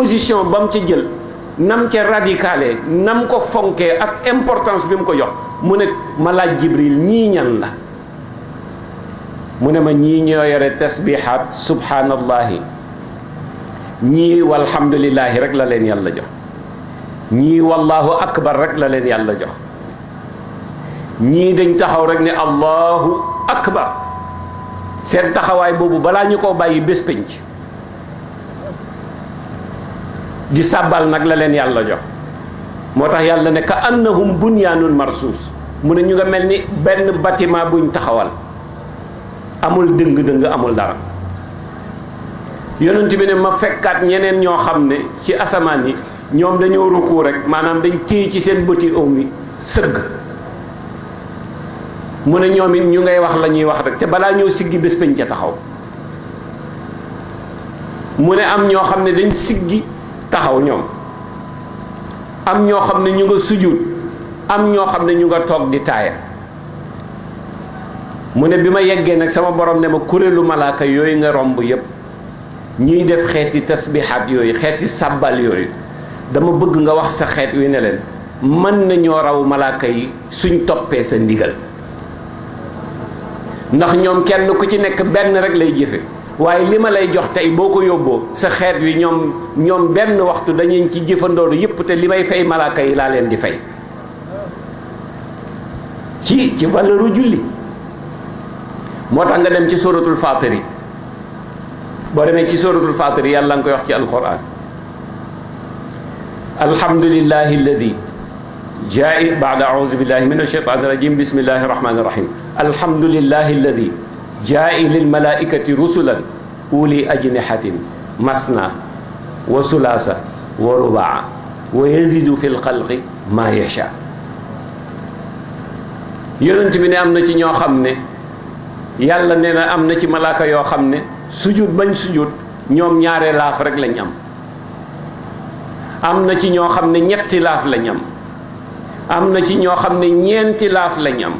position ba mu ca jël nam ca radicale nam ko fonkee ak importance bi mu ko jox mu ne ma laaj jibril ñii ñan la mu ne ma ñii ñoo yore tasbihaat subhanallahi ñii walhamdulillahi rek la leen yàlla jox ñii wallahu akbar rek la leen yàlla jox ñii dañ taxaw rek ne allahu akbar seen taxawaay boobu balaa ñu koo bàyyi bés pénc di sàbbal nag la leen yàlla jox moo tax yàlla ne ka annahum bunyaanun marsuus mu ne ñu nga mel ni bâtiment buñ taxawal amul dëng-dëng amul dara yonent bi ne ma fekkaat ñeneen ñoo xam ne ci asamaan yi ñoom dañoo ruku rek maanaam dañ téye ci seen bëti om ne ñu ngay wax la wax rek te siggi bés bañ ca taxaw ne am ñoo xam dañ siggi taxaw nyom, am ñoo xam ñu nga sujud am ñoo xam ne ñu nga toog di sama borom ne ma kuréelu malaaka yooyu nga romb yépp ñuy def xeeti tasbihaat yooyu xeeti sàbbal yooyu dama bëgg nga wax sa xeet wi ne leen mën nañoo raw malaaka yi suñ nyom sa ndigal ndax ñoom kenn ku ci rek lay waye lima lay jox tay boko yobbo sa xet wi ñom ñom benn waxtu dañuñ ci jëfandoonu yépp te limay fay malaaka yi la leen di fay ci ci valeuru julli motax nga dem ci suratul fatiri bo demé ci suratul fatiri yàlla nga koy wax ci alquran alhamdulillahi alladi جاء بعد أعوذ بالله من الشيطان الرجيم بسم الله الرحمن الرحيم الحمد لله الذي جائل الملائكة رسلا أولي أجنحة مثنى وثلاثة ورباع ويزيد في الخلق ما يشاء yonent bi ne am na ci ñoo xam ne yàlla nee na am na ci malaaka yoo xam ne sujud bañ sujud ñoom ñaare laaf rek lañ am am na ci ñoo xam ne ñetti laaf lañ am am na ci ñoo xam ne ñeenti laaf lañ am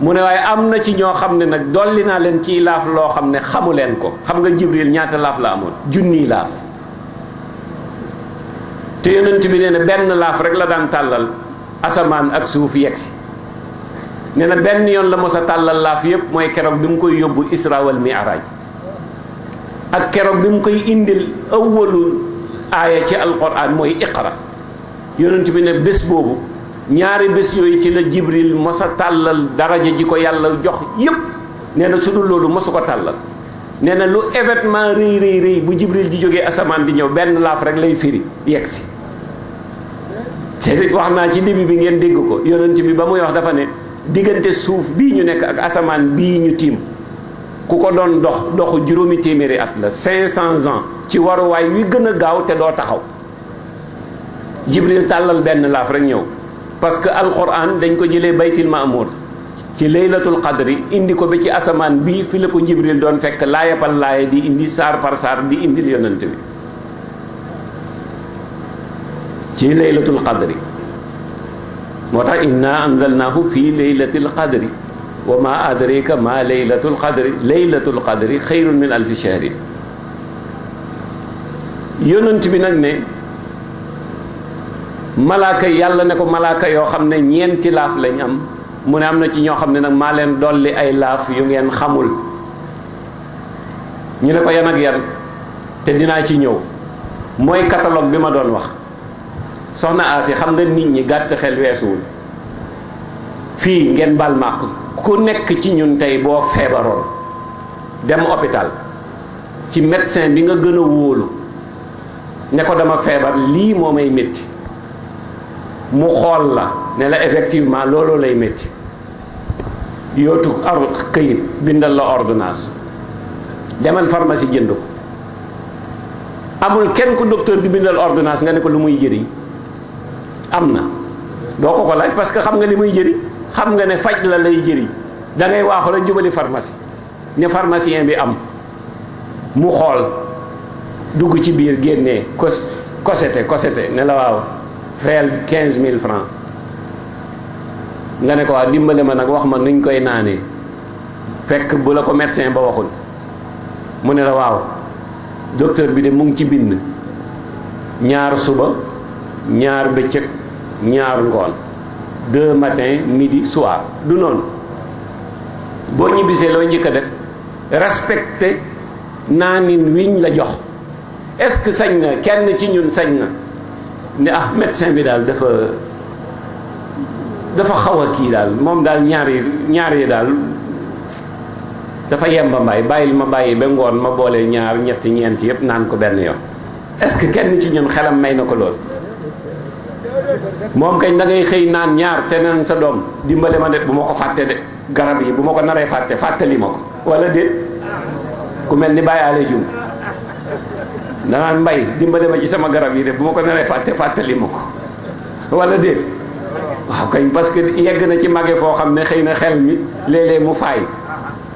mu ne waaye am na ci ñoo xam ne nag dolli naa leen ciy laaf loo xam ne xamu leen ko xam nga jibril ñaata laaf la amoon junniy laaf te yonent bi nee na benn laaf rek la daan tàllal asamaan ak suuf yegsi nee na benn yoon la mos a tàllal laaf yépp mooy keroog bi mu koy yóbbu isra wal mi'raj ak keroog bi mu koy indi awwalu aaya ci alquran mooy iqra yonent bi ne bés boobu ñaari bes yoy ci la jibril massa talal daraja ji ko yalla jox yépp neena sudul lolu masu ko talal neena lu événement reuy bu jibril di joge asaman di ñew ben rek lay firi yeksi té waxna ci début bi ngeen dégg ko yonent bi ba muy wax dafa ne digënté suuf bi ñu nek ak asaman bi ñu tim ku ko doon dox doxu juróomi téeméeri at la 500 ans ci waruwaay wi gën gaaw te taxaw jibril tàllal benn laaf rek parce que alquran dañ ko jëlee baytil maamur ci laylatul qadri indi ko ba ci asamaan bi fi la ko jibril doon fekk laaya par di indi saar par saar di indil yonent bi ci laylatul qadri moo tax inna anzalnaahu fi laylatil qadri wa ma adraka ma laylatul qadri laylatul min alfi shahrin bi nag ne malaaka yàlla ne ko malaaka yoo xam ne ñeenti laaf lañ am mu ne am na ci ñoo xam ne nag maa leen dolli ay laaf yu ngeen xamul ñu ne ko yan ak yan te dinaa ci ñëw mooy catalogue bi ma doon wax soxna Asi xam nga nit ñi gàtt xel weesuwul fii ngeen bal ku nekk ci ñun tey boo feebaroon dem hôpital ci médecin bi nga gën a wóolu ne ko dama feebar lii moo may métti mu xool la ne la effectivement looloo lay métti yootu ar këyit bindal la ordonnance demal pharmacie jënd amul kenn ku docteur di bindal ordonnance nga ne ko lu muy amna am ko ko laaj parce que xam nga li muy jëriñ xam nga ne faj la lay jëriñ da ngay waaxu la jubali pharmacie ne pharmacien bi am mu xool dugg ci biir génnee kos kosete kosete ne la waaw fayal mille francs nga ne ko waa ah, dimbale ma nag wax ma nuñ koy naanee fekk bu la ko médecin ba waxul mu ne la waaw docteur bi de mu ngi ci bind ñaar suba ñaar bëccëg ñaar ngoon deux matin midi soir du noonu boo ñibbisee loo njëkk a def respecté naanin wiñ la jox est-ce que sañ na kenn ci ñun sañ na ni ah médecin bi daal dafa dafa xaw a kii daal moom daal ñaari ñaari daal dafa yemba mbaay bàyyil ma bàyyi ba ngoon ma boole ñaar ñetti ñeent yëpp naan ko benn yoon est-ce que kenn ci ñun xelam may na ko lool moom kañ da ngay xëy naan ñaar te naan sa doom dimbale ma de bu ma ko fàtte de garab yi bu ma ko naree fàttee fàttali ma ko wala de ku mel ni bàyyi ale jum danaan mbay dimbale ma ci sama garab yi de bu ma ko naree fàtte fàttali ma ko walla déet waaw kañ parce que yegg na ci mage foo xam ne xëy na xel mi léeg-léeg mu faay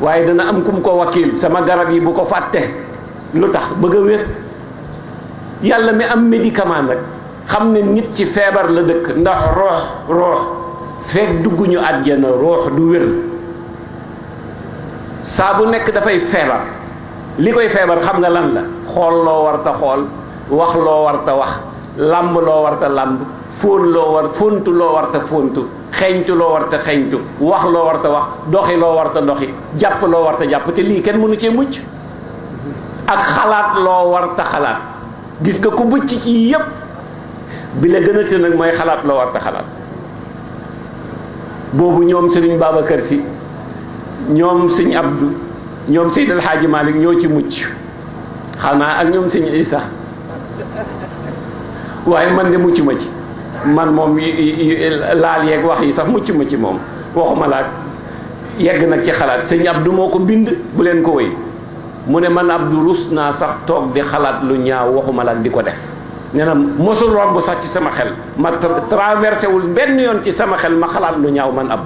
waaye dana am kum ko wakiil sama garab yi bu ko fàtte lu tax bëgg a wér yàlla mi am médicament nag xam ne nit ci feebar la dëkk ndax roox roox feeg dugguñu àjjana roox du wér saa bu nekk dafay feebar li koy feebar xam nga lan la xool lo warta xool wax loo warta wax lamb loo warta lamb fóon lo war fontu loo warta fontu xeñtu loo warta xeñtu wax lo warta wax doxi loo warta doxi jàpp loo warta jàpp te lii kenn mënu cee mucc ak xalaat loo warta xalaat gis nga ku mucc ci yépp bi la gën a të nag xalaat loo warta xalaat boobu ñoom sëriñ babacar si ñoom sëñ abdu ñoom seydal xaaji malik ñoo ci mucc xanaa ak ñoom sëñ sax waaye man de mucc ma ci man moom laal yeeg wax yi sax mucc ma ci moom waxuma laak yegg nag ci xalaat sëñ Abdou moo ko bind bu leen ko wéy mu ne man Abdou rus naa sax toog di xalaat lu ñaaw waxuma laak di ko def nee na mosul romb sax ci sama xel ma traversé wul benn yoon ci sama xel ma xalaat lu ñaaw man ab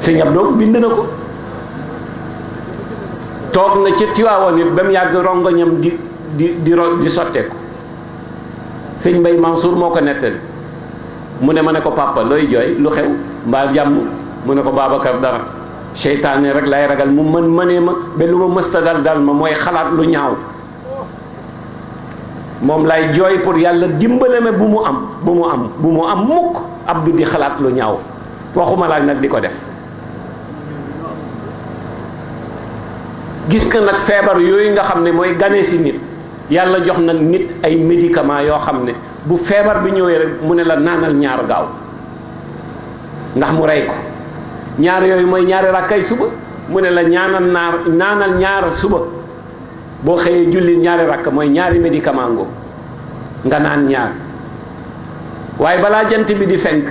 sëñ Abdou bind na ko toog na ci Tiwaawan it ba mu yàgg rongoñam di di di sotteeku sëñ Mbay Mansour moo ko nettali mu ne ma ne ko papa looy jooy lu xew mbaa jàmm mu ne ko Babacar dara seytaane rek laay ragal mu mën mënee ma ba lu ma mësta dal dal ma mooy xalaat lu ñaaw moom laay jooy pour yàlla dimbale ma bu mu am bu mu am bu am mukk Abdou di xalaat lu ñaaw waxuma laaj nag di ko def gis nga nag feebar yooyu nga xam ne mooy ganee si nit yàlla jox na nit ay médicament yoo xam ne bu feebar bi ñëwee rek mu ne la naanal ñaar gaaw ndax mu rey ko ñaar yooyu mooy ñaari rakkay suba mu ne la ñaanal ñaar suba boo xëyee jullit ñaari rakk mooy ñaari médicament ngo nga naan ñaar waaye balaa jant bi di fenk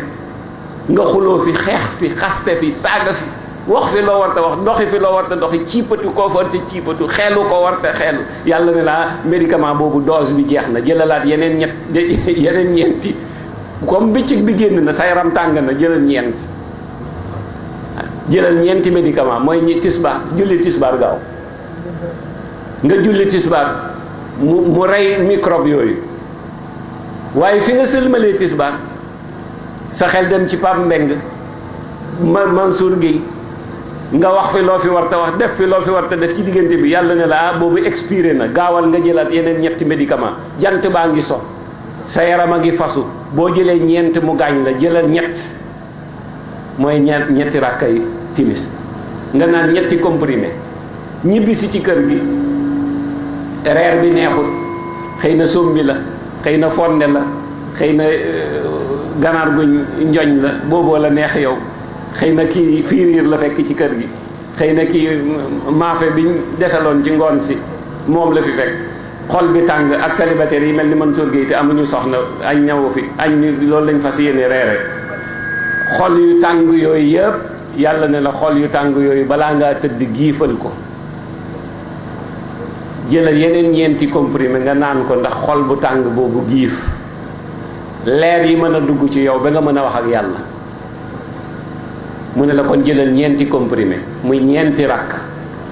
nga xuloo fi xeex fi xaste fi saaga fi wax fi lo warta wax doxi fi lo warta doxi ciipatu ko fa te ciipatu xelu ko warta xelu yalla ne la médicament bobu dose bi jeex na jëlalaat yeneen ñet yeneen ñenti comme bi ci bi genn na sa yaram tang na jëlal ñent jëlal ñenti médicament moy ñi tisba julli tisbar gaaw nga julli tisbar mu ray microbe yoyu waye fi nga tisbar sa xel dem ci pap mbeng mansour gueye nga wax fi loo fi war wax def fi loo fi war def ci diggante bi yàlla ne la ah, boobu expiré na gaawal nga jëlaat yenen ñetti médicament jant baa ngi so sa yaram ngi fasu boo jëlee ñeent mu gaañ la jëlal ñett mooy ñeent ñetti timis nga naan ñetti comprimé ñibbisi ci kër gi reer bi neexul xëy na la xëy na la xëy na euh, guñ njoñ la la neex yow xëy na kii fiiriir la fekk ci kër gi xëy na kii maafe biñ desaloon ci ngoon si moom la fi fekk xol bi tàng ak célibataire yi mel ni Mansour Gueye te amuñu soxna añ ñawu fi añ loolu lañ fas yéene reere xol yu tàng yooyu yëpp yàlla ne la xol yu tàng yooyu balaa ngaa tëdd giifal ko jëlal yeneen ñeenti comprimé nga naan ko ndax xol bu tàng boobu giif leer yi mën a dugg ci yow ba nga mën a wax ak yàlla mu ne la kon jëlal ñeenti comprimé muy ñeenti rakk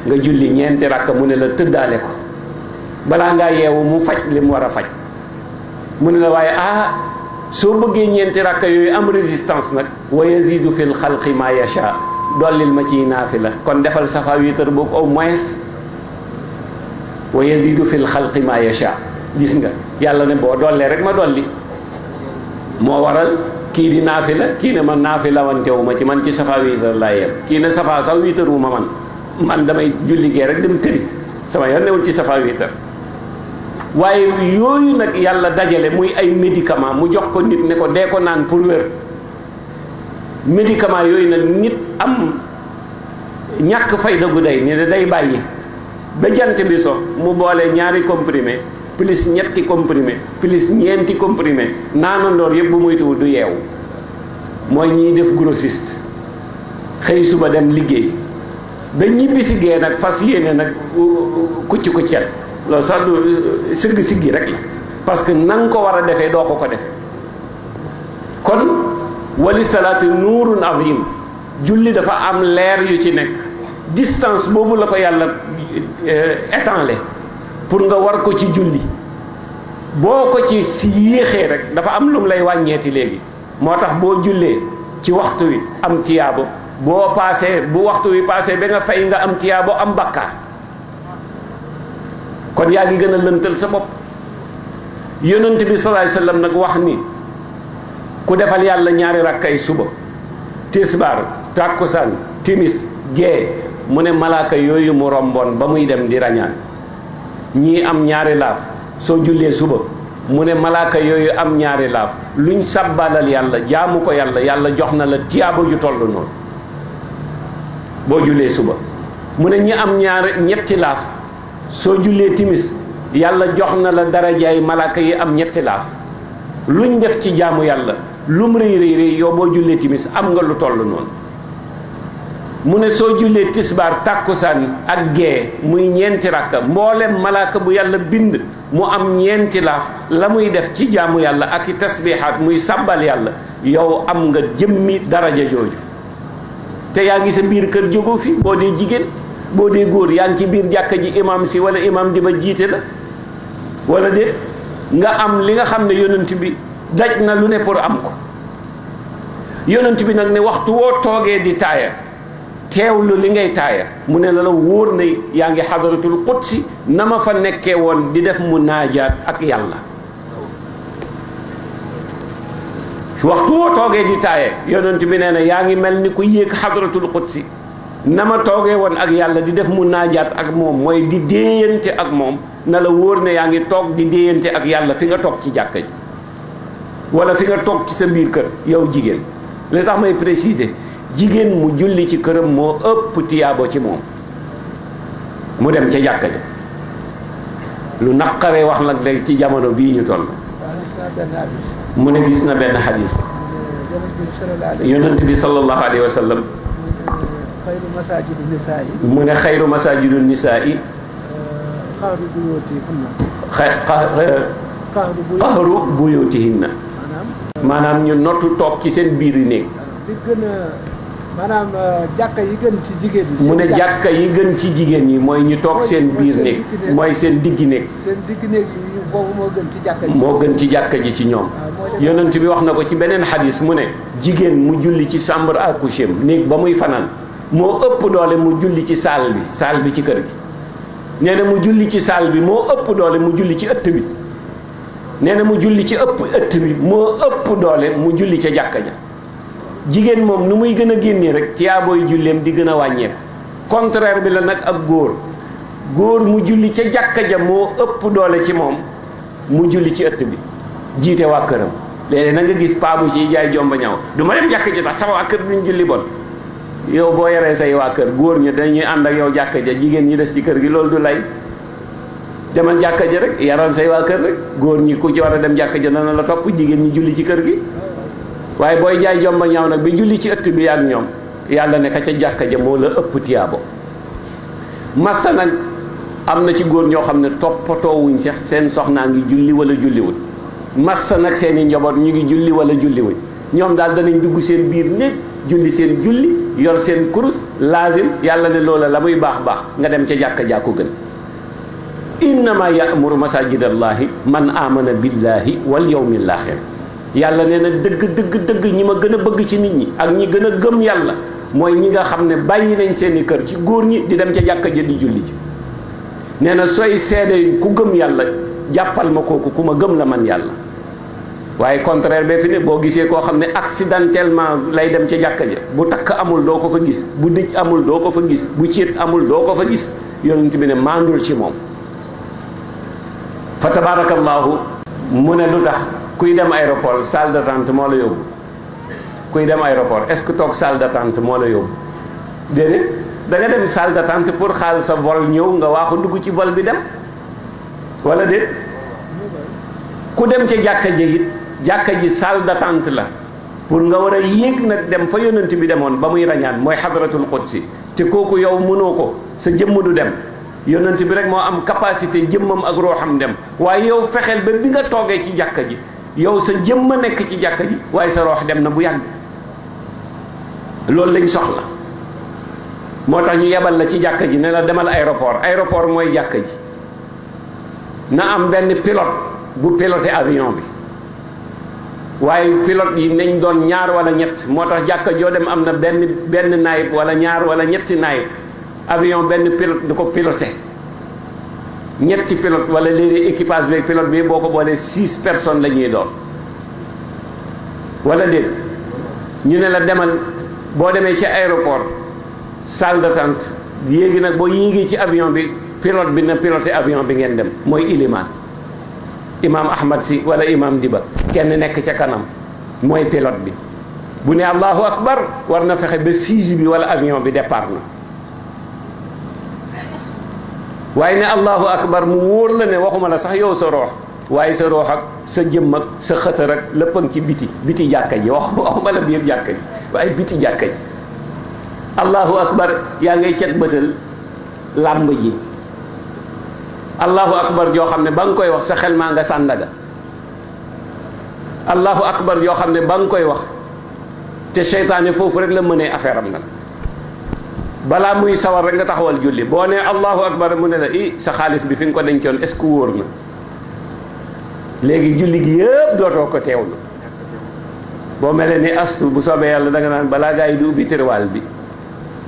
nga julli ñeenti rakk mu ne la tëddaale ko balaa ngaa yeewu mu faj li mu war a faj mu ne la waaye ah soo bëggee ñeenti rakk yooyu am résistance nag wa yazidu fil xalqi ma yacha dollil ma ciy naafi la kon defal safa witr boog au moins wa yazidu fil xalqi ma yacha gis nga yàlla ne boo dollee rek ma dolli moo waral kii di naafila kii ne ma naafila wante wu ma ci man ci safa wiitar laa yem kii ne safa sax wiitar wu ma man man damay julli gee rek dem tëri sama yoon newul ci safa wiitar waaye yooyu nag yàlla dajale muy ay médicament mu jox ko nit ne ko dee ko naan pour wér médicament yooyu nag nit am ñàkk fayda gu day ni day bàyyi ba jant bi so mu boole ñaari comprimé plus ñetti comprimer plus ñeenti comprimé naanandoor yëpp bu moytuwul du yeewu mooy ñiy def grossiste xëy suba dem liggéey ba ñibbi si nag fas yéene nag kucc kuccal loolu sax du sigg siggi rek la parce que na ko war a defee doo ko ko defee kon wali salaatu nuurun julli dafa am leer yu ci nekk distance boobu la ko yàlla eh, étanlé pour nga war ko ci julli boo ci si yéexee rek dafa am lum lay wàññeeti léegi moo tax boo ci waxtu wi am tiyaabo boo paasee bu waxtu wi paasee ba nga fay nga am tiyaabo am bakkaar kon yaa ngi gën a lëntal sa bopp yonent bi salaay sallam nag wax ni ku defal ñaari rakkay suba tisbar takusan timis ge, mune malaka malaaka yooyu mu romboon ba muy dem di rañaan ñii am ñaari laaf soo jullee suba mu ne malaaka yooyu am ñaari laaf luñ sàbbaalal yàlla jaamu ko yàlla yàlla jox na la tiyaaba ju toll noonu boo jullee suba mu ne ñi am ñaari ñetti laaf soo jullee timis yàlla jox na la darajaay malaaka yi am ñetti laaf luñ def ci jaamu yàlla lum rëy rëy rëy yow boo jullee timis am nga lu toll noonu mu ne soo jullee tisbaar tàkkusaan ak gee muy ñeenti rakka mboolem malaaka bu yàlla bind mu am ñeenti laaf la muy def ci jaamu yàlla ak i tasbihaat muy sàbbal yàlla yow am nga jëmmi daraja jooju te yaa ngi sa biir kër jógoo fi boo dee jigéen boo dee góor yaa ngi ci biir jàkka ji imam si wala imam di ba jiite la walla déet nga am li nga xam ne yonent bi daj na lu ne pour am ko yonent bi nag ne waxtu woo toogee di taaya teewlu li ngay taaya mu ne la la wóor na yaa ngi xadaratul qudsi na ma fa nekkee woon di def mu naajaat ak yàlla waxtu woo toogee di taaye yonent bi nee na yaa ngi mel ni ku yéeg xadaratul qudsi na ma toogee woon ak yàlla di def mu naajaat ak moom mooy di déeyante ak moom na la wóor ne yaa ngi toog di déeyante ak yàlla fi nga toog ci jàkka ji wala fi nga toog ci sa biir kër yow jigéen li tax may préciser jigéen mu julli ci këram moo ëpp tiyaabo ci moom mu dem ca jàkka ja lu naqaree wax nag rek ci jamono bii ñu toll mu ne gis na benn xadis yonent bi sallallahu alayhi wa mu ne xayru masajidu nisaa'i qahru buyutihinna maanaam ñu nottu toog ci seen biir yi néeg maanaam euh, jàkka yi gën ci jigéen mu ne jàkka yi gën ci jigéen ñi mooy ñu toog seen biir néeg mooy seen diggi néeg. moo gën ci jàkka ji. ci ñoom. Ah, yonent bi wax na ko ci beneen xadis mu ne. jigéen mu julli ci chambre à néeg ba muy fanaan moo ëpp doole mu julli ci saal bi saal bi ci kër gi. nee na mu julli ci saal bi moo ëpp doole mu julli ci ëtt bi. nee na mu julli ci ëpp ëtt bi moo ëpp doole mu julli ca jàkka ja. Jigen mom nu muy gën a génnee rek tiyaaboy julleem di gën a wàññeeku contraire bi la nag ab góor góor mu julli ca jàkka ja moo ëpp doole ci moom mu julli ci ëtt bi jiite waa këram léeg na nga gis paa bu ci jaay jomba ñaw dem ja sama kër duñ julli bon yow boo yoree say waa kër góor ñi dañuy ànd ak yow jàkka ja jigéen ñi iaran ci kër gi loolu du lay demal jàkka ja rek yaral say kër rek ñi ku ci dem jàkka ja dana la topp jigéen ñi julli ci kër gi waaye booy jaay jomba ñaaw nag bi julli ci ëtt bi yaag ñoom yàlla ne ca jàkka ja moo la ëpp tiyaabo massa nag am na ci góor ñoo xam ne toppatoowuñ sax seen soxnaa ngi julli wala julliwuñ massa nag seen njaboot ñu ngi julli wala julliwuñ ñoom daal danañ dugg seen biir néeg julli seen julli yor seen kurus laazim yàlla ne loola la muy baax baax nga dem ca jàkka jàkku gën innama ya'muru masajidallaahi man amana billaahi wal yawmil aaxir yàlla nee na dëgg dëgg dëgg ñi ma gën a bëgg ci nit ñi ak ñi gën a gëm yàlla mooy ñi nga xam ne bàyyi nañ seeni kër ci góor ñi di dem ca jàkka ja di julli ji nee na sooy seede ku gëm yàlla jàppal ma kooku ku ma gëm la man yàlla waaye contraire ba fi ne boo gisee koo xam ne accidentellement lay dem ca jàkka ja bu takk amul doo ko fa gis bu dëj amul doo ko fa gis bu céet amul doo ko fa gis yonent bi ne maandul ci moom fa tabaarakallaahu mu ne lu kuy dem aéroport salle d'attente moo la yóbbu kuy dem aéroport est ce que toog salle d'attente moo la yóbbu déedéet da nga dem salle d'attente pour xaal sa vol ñëw nga waaxu dugg ci vol bi dem wala déet ku dem ca jàkka ja it jàkka ji salle d'attente la pour nga war a yéeg nag dem fa yonent bi demoon ba muy rañaan mooy xadratul qudsi te kooku yow mënoo ko sa jëmm du dem yonent bi rek moo am capacité jëmmam ak rooxam dem waaye yow fexeel ba bi nga toogee ci jàkka ji yow sa jëmm a nekk ci jàkka ji waaye sa roox dem na bu yàgg loolu lañ soxla moo tax ñu yebal la ci jàkka ji ne la demal aéroport aéroport mooy jàkka ji na am benn pilot bu piloté avion bi waaye pilote yi nañ doon ñaar wala ñett moo tax jàkka joo dem am na benn benn naayib wala ñaar wala ñetti naayib avion benn pilote du ko piloté ñetti pilote wala léeg-léeg équipage bi pilote bi boo ko boolee six personnes la ñuy doon wala de ñu ne la demal boo demee ci aéroport salle d'attente yéegi nag boo yéegee ci avion bi pilote bi na piloté avion bi ngeen dem mooy ilimaan imaam ahmad si wala imaam diba kenn nekk ca kanam mooy pilote bi bu ne allahu akbar war na fexe ba fusil bi wala avion bi départ na waaye ne allahu akbar mu wóor la ne waxuma la sax yow sa roox waaye sa roox ak sa jëmm ak sa xëtër ak lépp a ci biti biti jàkka ji wax waxuma la biir jàkka ji waaye biti jàkka ji allahu akbar yaa ngay cet bëtal làmb ji allahu akbar joo xam ne ba nga koy wax sa xel maa nga sàndaga allahu akbar yoo xam ne ba nga koy wax te seytaane foofu rek la mën affaire am nag Balamu muy sawar rek nga taxawal julli boo nee allahu akbar mu ne la i sa xaalis bi fi nga ko dencoon est ce que wóor na léegi julli gi yëpp dootoo ko astu bu soobee yàlla da nga naan balaa gaa di bi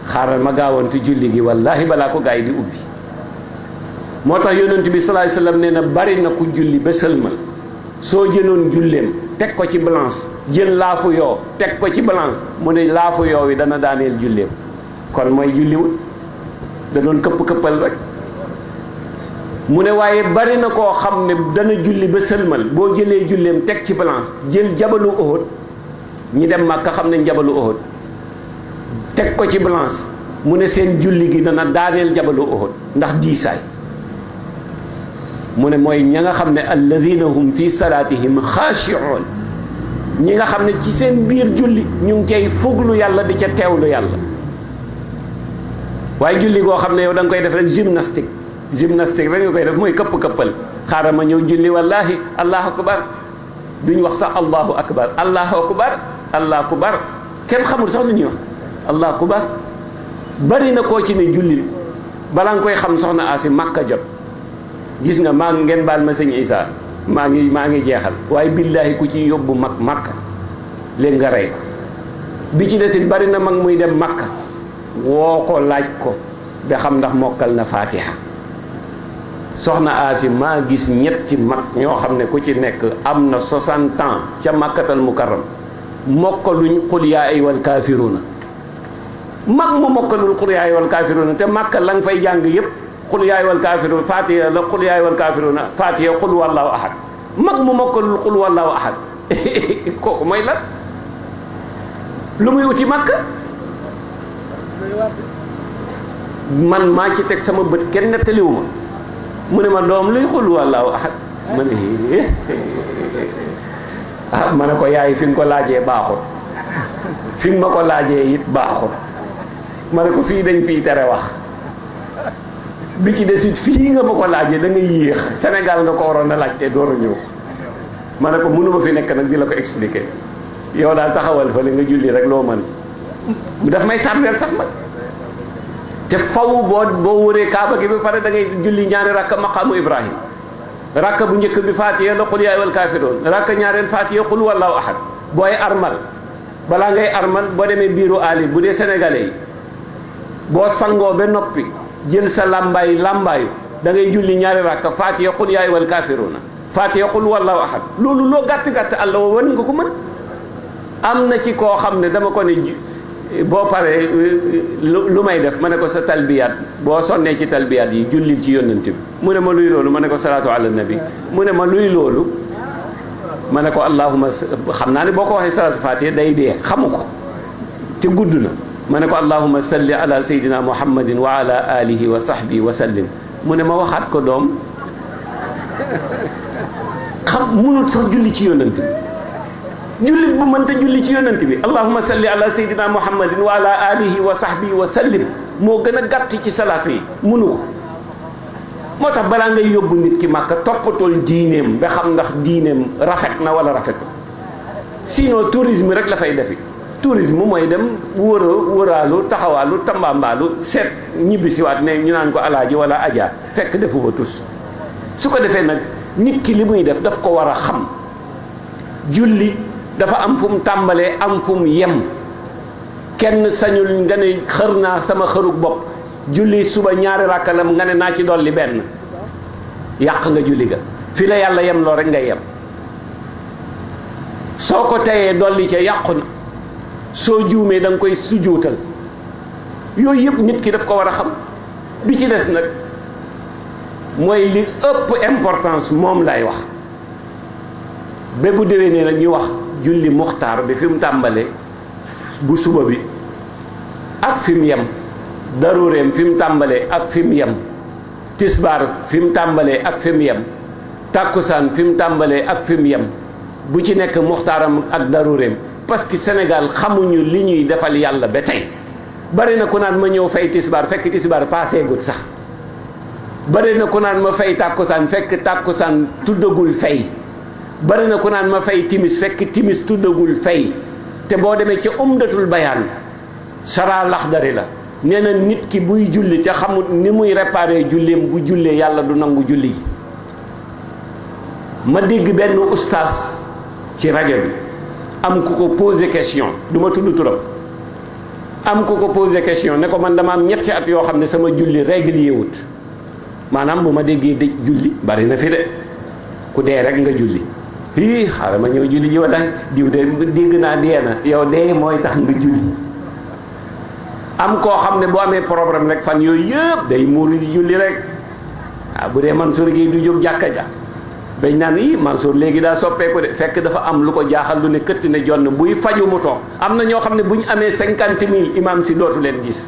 xaaral ma gaawantu julli gi wallahi balaa ko gaa yi di ubbi moo tax yonent bi salaay sallam nee na bari na ku julli ba sëlmal soo jënoon julleem teg ko ci balance jël laafu yoo teg ko ci balance mune ne laafu wi dana kon mooy wut da doon këpp këppal rek mu ne waaye bari na koo xam ne dana julli ba sëlmal boo jëlee julleem teg ci balance jël jabalu Uhud ñi dem Màkka xam ne jabalu Uhud teg ko ci balance mu ne seen julli gi dana daaneel jabalu Uhud ndax diisaay mu ne mooy ña nga xam ne alladina hum fi salatihim xaashiun ñi nga xam ne ci seen biir julli ñu ngi cay fuglu yàlla di ca teewlu yàlla waaye julli goo xam ne yow danga nga koy def rek gymnastique gymnastique rek nga koy def mooy këpp-këppal xaaral ma ñëw julli wallahi allahu akbar duñ wax sax allahu akbar allahu akbar allahu akbar kenn xamul sax lu ñuy wax allahu akbar bari na koo ci julli balaa nga koy xam soxna asi makka jot gis nga maa ngeen baal ma sëñ Isa maa ngi maa ngi jeexal waaye billaahi ku ci yóbbu mag makka léegi nga rey ko bi ci desit bari na mag muy dem makka woo ko laaj ko ba xam ndax mokkal na faatiha soxna aasi maa gis ñetti mag ñoo xam ne ku ci nekk am na 60 ans ca màkkatal mukarram mokkaluñ xul yaa aywal kaafiruuna mag mu mokkalul xul yaa aywal kaafiruuna te màkka la nga fay jàng yépp xul yaa aywal kaafiruuna faatiha la xul yaa aywal mag mu mokkalul xul wallaahu ahad kooku mooy lan lu muy uti màkk man maa ci teg sama bët kenn nettaliwu ma mu ne ma doom luy xul wallaahu ahad ma ne ah ma ne ko yaay fi nga ko laajee baaxut fi nga ko laajee it baaxut ma ne ko fii dañ fii tere wax bi ci desit fii nga ma ko laajee da nga yéex senegal nga ko waroon a laajte door a ñëw ma ne ko mënuma fi nekk nag di la ko expliquer yow daal taxawal fa li nga julli rek loo mën daf may tardeel sax man te faw boo boo wëree kaaba gi ba pare da ngay julli ñaari rakka maqaamu ibrahim rakka bu njëkk bi faatiye la xul yaay wal kaafiroon rakka ñaareel faatiye xul wallahu ahad booy armal ngay armal boo demee biiru ali bu dee sénégalais boo sangoo ba noppi jël sa làmbaay làmbaayu da ngay julli yaay wal kaafiroona faatiye xul wallahu loolu loo gàtt-gàtt àlla woo war nga ko mën am na ci koo xam ne dama ko ne boo pare lu may def ma ne ko sa talbiyaat boo sonnee ci talbiyaat yi julli ci yónnent bi mu ne ma luy ma ne ko salaatu ala nabi mu ne ma luy loolu ma ne ko allahuma xam naa ne boo ko waxee salaatu fatiha day dee xamu ko te gudd na ma ne ko allahuma salli ala sayyidina muhammadin wa ala alihi wa sahbihi wa sallim mu ne ma waxaat ko doom xam munut sax julli ci yónnent bi jullit bu mënta julli ci yonent bi allahumma salli ala sayyidina muhammadin wa ala alihi wa sahbihi wa sallim moo gën a gàtt ci salaatu yi mënu ko moo tax balaa ngay yóbbu nit ki màkka toppatool diineem ba xam ndax diineem rafet na wala rafet sinon tourisme rek la fay defi tourisme mooy dem wër wëraalu taxawaalu tambaambaalu seet waat ne ñu naan ko alaaji wala ajaa fekk defu fa tus su ko defee nag nit ki li muy def daf ko war a xam julli dafa am tambale amfum am fu yem kenn sañul nga ne sama xërug bopp julli suba ñaari rakkalam nga ne naa ci dolli Juli yàq nga julli ga fi la yàlla yem loo rek nga yem soo ko koi dolli Yo yàqu na soo juumee da nga koy sujuutal yooyu yëpp nit ki daf ko xam bi ci li ëpp importance mom lay wax ba bu déwénee nag ñu wax julli muxtaar bi fi mu tàmbalee bu suba bi ak fi mu darureem fi mu tàmbalee ak fi mu yem tisbaar fi mu tàmbalee ak fi mu yem fi mu tàmbalee ak fi bu ci nekk muxtaaram ak darureem parce que Sénégal xamuñu li ñuy defal yàlla ba tey bari na ku naan ma ñëw fay tisbaar fekk tisbaar paaseegul sax bari na ku naan ma fay tàkkusaan fekk tàkkusaan tuddagul fay bari na ku naan ma fay timis fekk timis tuddagul fay te boo demee ca umdatul bayaan saraa laxdari la nee na nit ki buy julli ca xamut ni muy réparé julleem bu jullee yàlla du nangu julli gi ma dégg benn ustaas ci rajo bi am ku ko posé question du ma tudd turam am ku ko pose question ne ko man dama am ñetti at yoo xam ne sama julli régulier wut maanaam bu ma déggee dëj julli bari na fi de ku dee rek nga julli hi xaaral ma ñëw julli ji wala diw de dégg naa dee na yow dee mooy tax nga julli am koo xam ne boo amee problème rek fan yooyu yëpp day muuru di julli rek ah bu dee Mansour gi du jóg jàkka ja bañ naan yi Mansour léegi daa soppeeku de fekk dafa am lu ko jaaxal lu ne këtt ne jonn buy faju mu toog am na ñoo xam ne bu imam si dootu leen gis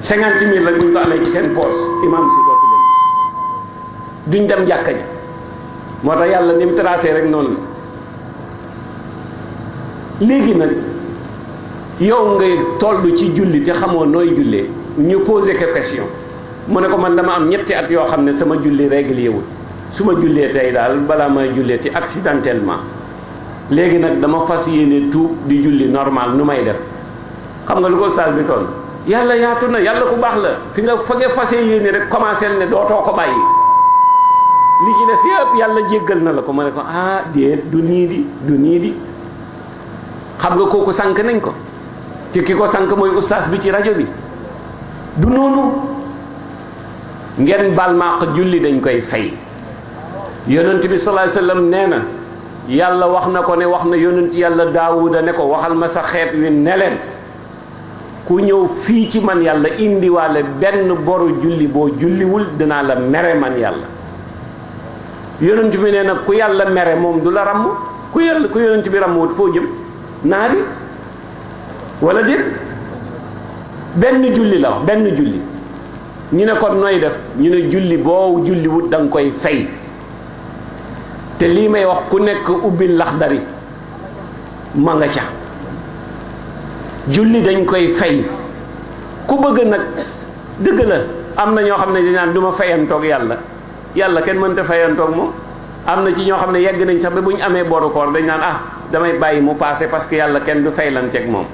cinquante rek bu ko amee ci seen poos imam si dootu leen gis duñ dem jàkka ja moo tax yàlla ni mu rek noonu léegi nag yow ngay toll ci julli te xamoo nooy jullee ñu posé ko question mu ne ko man dama am ñetti at yoo xam ne sama julli régulier wul su ma jullee tey daal balaa may jullee ti accidentellement léegi nag dama fas yéene tuub di julli normal nu may def xam nga lu ko saal bi toll yàlla yaatu na yàlla ku baax la fi nga fa nga fase yéene rek commencé ne dootoo ko bàyyi li ci des yëpp yàlla jéggal na la ko ma ne ko ah déet du nii di du nii di xam nga kooku sànq nañ ko te ki ko sànq mooy ustaas bi ci rajo bi du noonu ngeen baal julli dañ koy fay yonent bi sallallahu alayhi wasallam nee na yàlla wax na ko ne wax na yonent yàlla daawuda ne ko waxal ma sa xeet wi ne leen ku ñëw fii ci man yàlla indiwaale benn boru julli boo julliwul dinaa la mere man yàlla yonent bi nee na ku yàlla mere moom du la ràmm ku yàlla ku yonent bi ràmm wut foo jëm naari walla déet benn julli la benn julli ñu ne kon nooy def ñu ne julli boo julli wut da koy fay te lii may wax ku nekk ubbil laxdari ma nga ca julli dañ koy fay ku bëgg nag dëgg la am na ñoo xam ne dañ naan du ma fayantoog yàlla yàlla kenn mënta fayantoog moom am na ci ñoo xam ne yegg nañ sax ba bu ñu amee boru koor dañ naan ah damay bàyyi mu passé parce que yàlla kenn du fay lan teg moom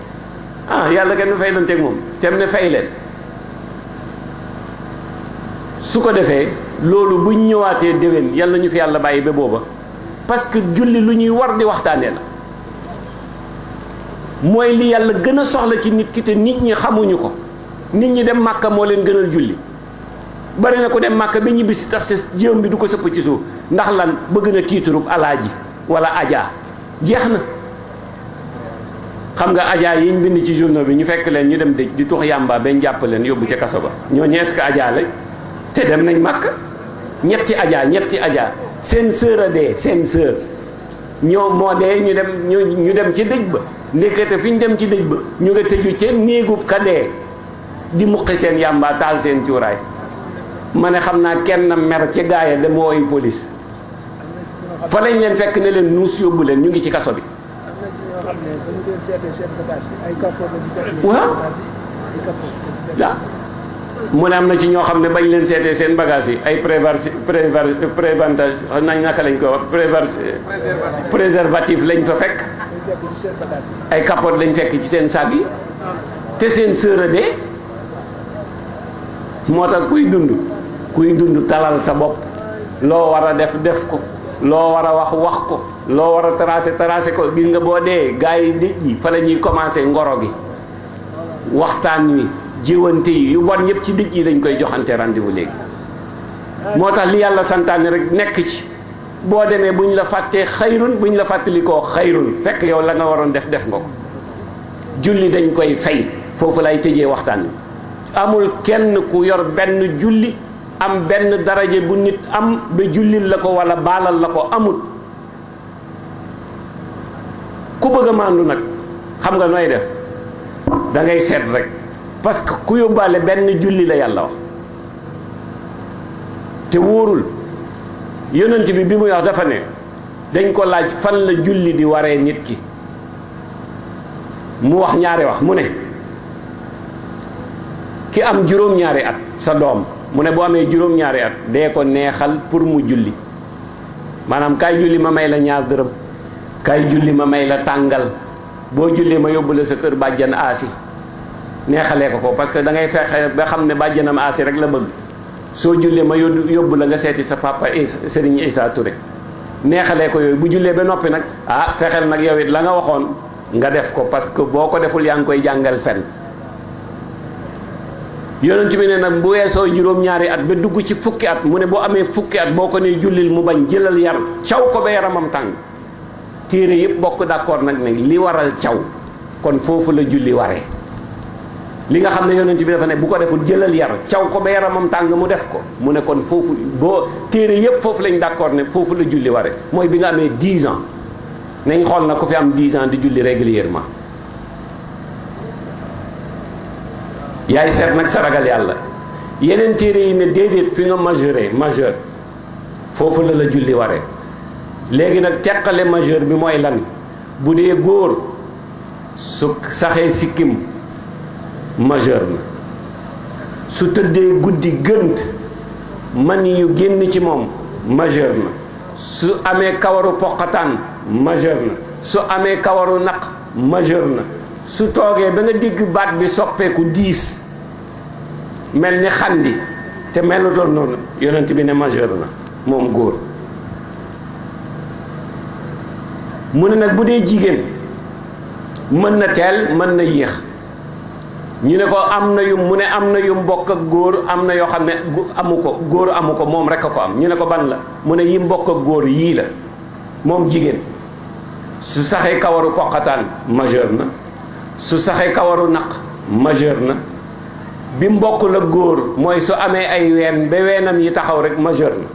ah yàlla kenn du fay lan teg moom tem ne fay leen su ko defee loolu bu ñu ñëwaatee déwén yàlla ñu fi yàlla bàyyi ba booba parce que julli lu ñuy war di waxtaanee la mooy li yàlla gën a soxla ci nit ki te nit ñi xamuñu ko nit ñi dem màkka moo leen gënal julli bari na ko dem makka bi ñibbi si tax jëm bi du ko sëpp ci suuf ndax lan bëgg na tiiturub alaaji wala aja jeex na xam nga aja yiñ bind ci journal bi ñu fekk leen ñu dem di tux yamba ben jàpp leen yóbbu ca kaso ba ñoo ñees ka aja la te dem nañ makka ñetti aja ñetti aja seen sœur a dee seen sœur ñoo nyudem dee ñu dem ñu dem ci dëj ba ndekete fiñ dem ci ba ñu nga di muqi yamba tal sen cuuraay ma ne xam naa kenn mer ci gaaya dem wooyi police fa lañ leen fekk ne leen nuus yóbbu leen ñu ngi ci kaso bi waaw waaw ah. mu ne am na ci ñoo xam ne bañ leen seetee seen bagage yi ay prévar prévar préventage nañ naka lañ ko wax prévar préservatif lañ fa fekk ay capote lañ fekk ci seen saag yi te seen sër a moo tax kuy dund kuy dund talal sa bopp loo war a def def ko loo war a wax wax ko loo war a tracé tracé ko gis nga boo dee gars yi nit ñi fa la ñuy commencé ngoro gi waxtaan wi jiwante yi yu bon yëpp ci nit yi lañ koy joxante rendez-vous léegi moo tax li yàlla santaane rek nekk ci boo demee bu ñu la fàttee xayrun bu ñu la fàttalikoo xayrun fekk yow la nga waroon def def nga ko julli dañ koy fay foofu lay tëjee waxtaan wi amul kenn ku yor benn julli am benn daraje bu nit am ba jullit la ko wala baalal la ko amut ku bëgg a nag xam nga nooy def dangay seet rek parce que ku yóbbaale benn julli la yàlla wa te wóorul yonent bi bi muy wax dafa ne dañ ko laaj fan la julli di waree nit ki mu wax ñaari wax mu ne ki am juróom-ñaari at sa doom mu ne boo amee juróom-ñaari at dee ko neexal pour mu julli maanaam kaay julli ma may la ñaar dërëm kaay julli ma may la tàngal boo jullee ma yóbbu la sa kër bàjjan aasi neexalee ko ko parce que da ngay fexe ba xam ne bàjjanam aasi rek la bëgg soo jullee ma yóbbu la nga seeti sa papa Serigne Issa Touré neexalee ko yooyu bu jullee ba noppi nag ah fexel nag yow it la nga waxoon nga def ko parce que boo ko deful yaa ngi koy jàngal fen yonent bi ne nag bu weesoo juróom-ñaari at ba dugg ci fukki at mu ne boo amee fukki at boo ko nee jullil mu bañ jëlal yar caw ko ba yaramam tàng téere yëpp bokk d'accord nag ne li waral caw kon foofu la julli waree li nga xam ne yonent bi dafa ne bu ko deful jëlal yar caw ko ba yaramam tàng mu def ko mu ne kon foofu boo téere yëpp foofu lañ d'accord ne foofu la julli waree mooy bi nga amee 10 ans nañ xool na ku fi am 10 ans di julli régulièrement yaay seet nag sa ragal yàlla yeneen téere yi ne déedéet fi nga majeure majeur foofu la la julli ware léegi nag teqale majeur bi mooy lan bu dee góor su saxee sikkim majeur na su tëddee guddi gënt man yu génn ci moom majeur na su amee kawaru poqataan majeur na su amee kawaru naq majeur na su toogee ba nga dégg baat bi soppeeku diis mel ni xandi te mel na doon noonu yonent bi ne majeur na moom góor mu ne nag bu dee jigéen mën na teel mën na yéex ñu ne ko am na yum mu ne am na yu mbokk ak góor am na yoo xam ne amu ko góor amu ko moom rek a ko am ñu ne ko ban la mu ne yi mbokk ak góor yii la moom jigéen su saxee kawaru poqataan majeur na su saxee kawaru naq majeur na bi mbokk la góor mooy su amee ay ween ba weenam yi taxaw rek majeur na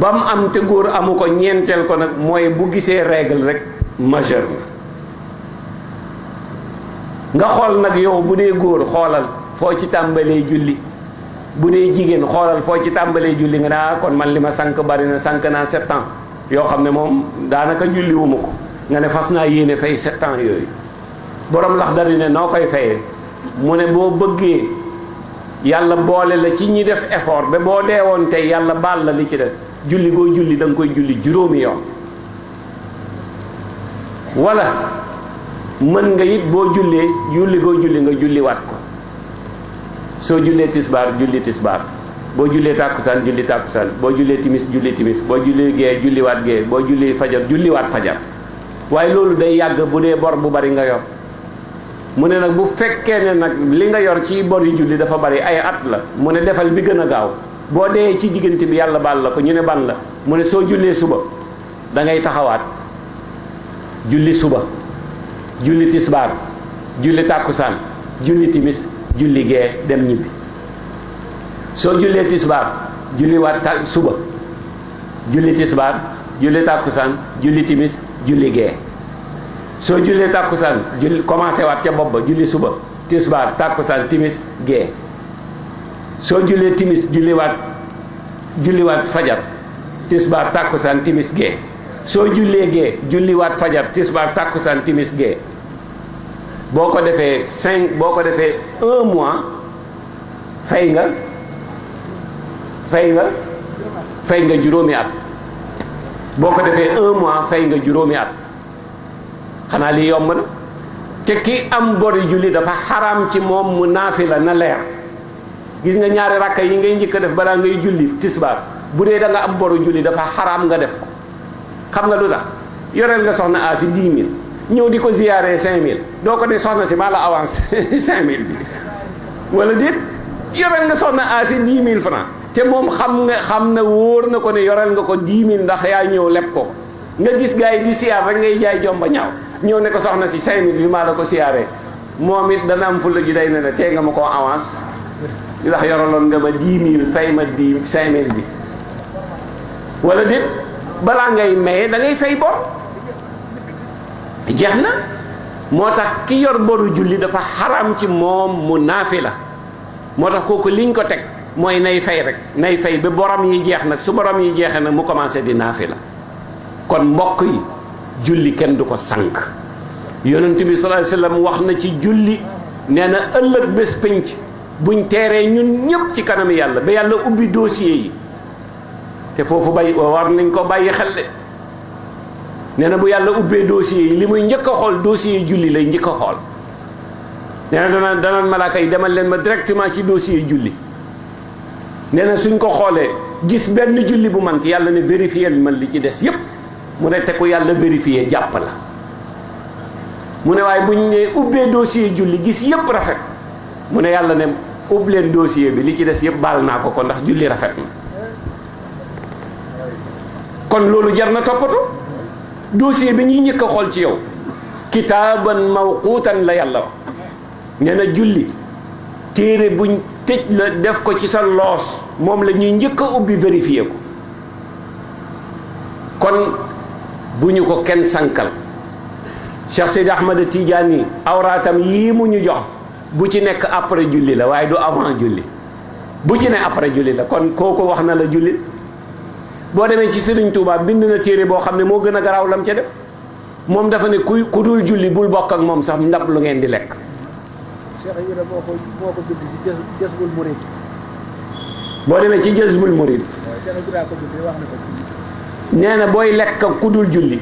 ba mu am te góor amu ko ñeenteel ko nag mooy bu gisee règle rek majeur na nga xool nag yow bu dee góor xoolal foo ci tàmbalee julli bu dee jigéen xoolal foo ci tàmbalee julli nga daa ah, kon man li ma sànq bari na sànq naa sept yoo xam ne moom daanaka julli ko nga ne fas naa yéene fay sept yooyu borom laxdari ne noo koy fayee mu ne boo bëggee yàlla boole la ci ñi def effort ba boo deewoon tey yàlla baal la li ci des julli goo julli da koy julli juróomi yoon wala mën nga it boo jullee julli goo julli nga julli wat ko soo jullee tisbar julli tisbaar takusan julli takusan boo jullee timis julli timis boo jullee gee julli waat gee boo jullee fajar julli wat fajar waaye loolu day yàgg bu dee bor bu bari nga yor mu ne nag bu fekkee ne nag li nga yor ci bori julli dafa bari ay at la mu ne defal bi gën a gaaw boo dee ci diggante bi yàlla baal la ko ñu ne ban la mu ne soo jullee suba dangay taxawaat julli suba julli tisbaar julli tàkkusaan julli timis julli gee dem ñibbi soo jullee tisbaar julli waat suba julli tisbaar julli tàkkusaan julli timis julli gee so jullee takusan julli commencé waat bobo, bopp ba julli suba tisbaar timis ge so jullee timis julli wat, julli wat fajar tisbaar takusan timis gee soo jullee gee julli waat fajar tisbaar takusan timis ge boko ko defee boko boo ko defee un mois fay nga fay nga fay nga juróomi at boko ko defee mois fay nga at xanaa lii yomb na te ki am bori julli dafa xaram ci moom mu naafila na leer gis nga ñaari rakka yi ngay njëkk def balaa ngay julli tisbaar bu dee da nga am boru julli dafa xaram nga def ko xam nga lu yorel nga soxna di ko ziyaare 5 000 doo ko ne soxna si maa la avance 5 000 bi wala déet yorel nga soxna aasi 10 francs te mom xam nga xam na wóor na ko ne yorel nga ko 10 ndax yaa ñëw leb ko nga gis gaay di rek ngay jaay jomba ñaaw ñëw ne ko soxna si 5000 bi maa la ko siyaare moom dana am fulla ji day ne ne nga ma avance li nga 10000 fay ma 5000 bi wala déet balaa ngay maye da ngay fay bor jeex na ki yor boru julli dafa haram ci moom mu naafi la moo liñ ko nay fay rek nay fay ba borom yi jeex nag su borom yi jeexee mu di kon yi julli kenn du ko sànq yonent bi sallallahu alayhi wasallam wax na ci julli nee na ëllëg bés penc buñ bayi ñun ñëpp ci kanam yàlla ba yàlla ubbi dossier yi te foofu bay war nañ ko bàyyi xel de nee na bu yàlla ubbee dossier yi li muy njëkk dossier julli lay dana malaka yi demal leen ma directement ci dossier julli nee suñ ko xoolee gis benn julli bu man yàlla ne vérifier man li ci yépp mu ne te ko yàlla vérifié jàpp la mu ne waaye bu ñu ne ubbee dossier julli gis yépp rafet mu ne yàlla ne ub leen dossier bi li ci des yépp naa ko ko ndax julli rafet na kon loolu jar na toppatoo dossier bi ñuy ñëkk a xool ci yow kitaaban mawquutan la yàlla wax nee na julli téere buñ tëj la def ko ci sa loos moom la ñuy njëkk ubbi ko kon bu ñu ko kenn sankal Cheikh Seydi Ahmad Tidiane awraatam yii mu ñu jox bu ci nekk après julli la waaye du avant julli bu ci ne après julli la kon kooku wax na la julli boo demee ci Serigne Touba bind na téere boo xam ne moo gën a garaaw lam ca def moom dafa ne ku ku dul julli bul bokk ak moom sax ndab lu ngeen di lekk. Cheikh Ibra moo ko ci Jazbul nee na booy lekk ak ku dul julli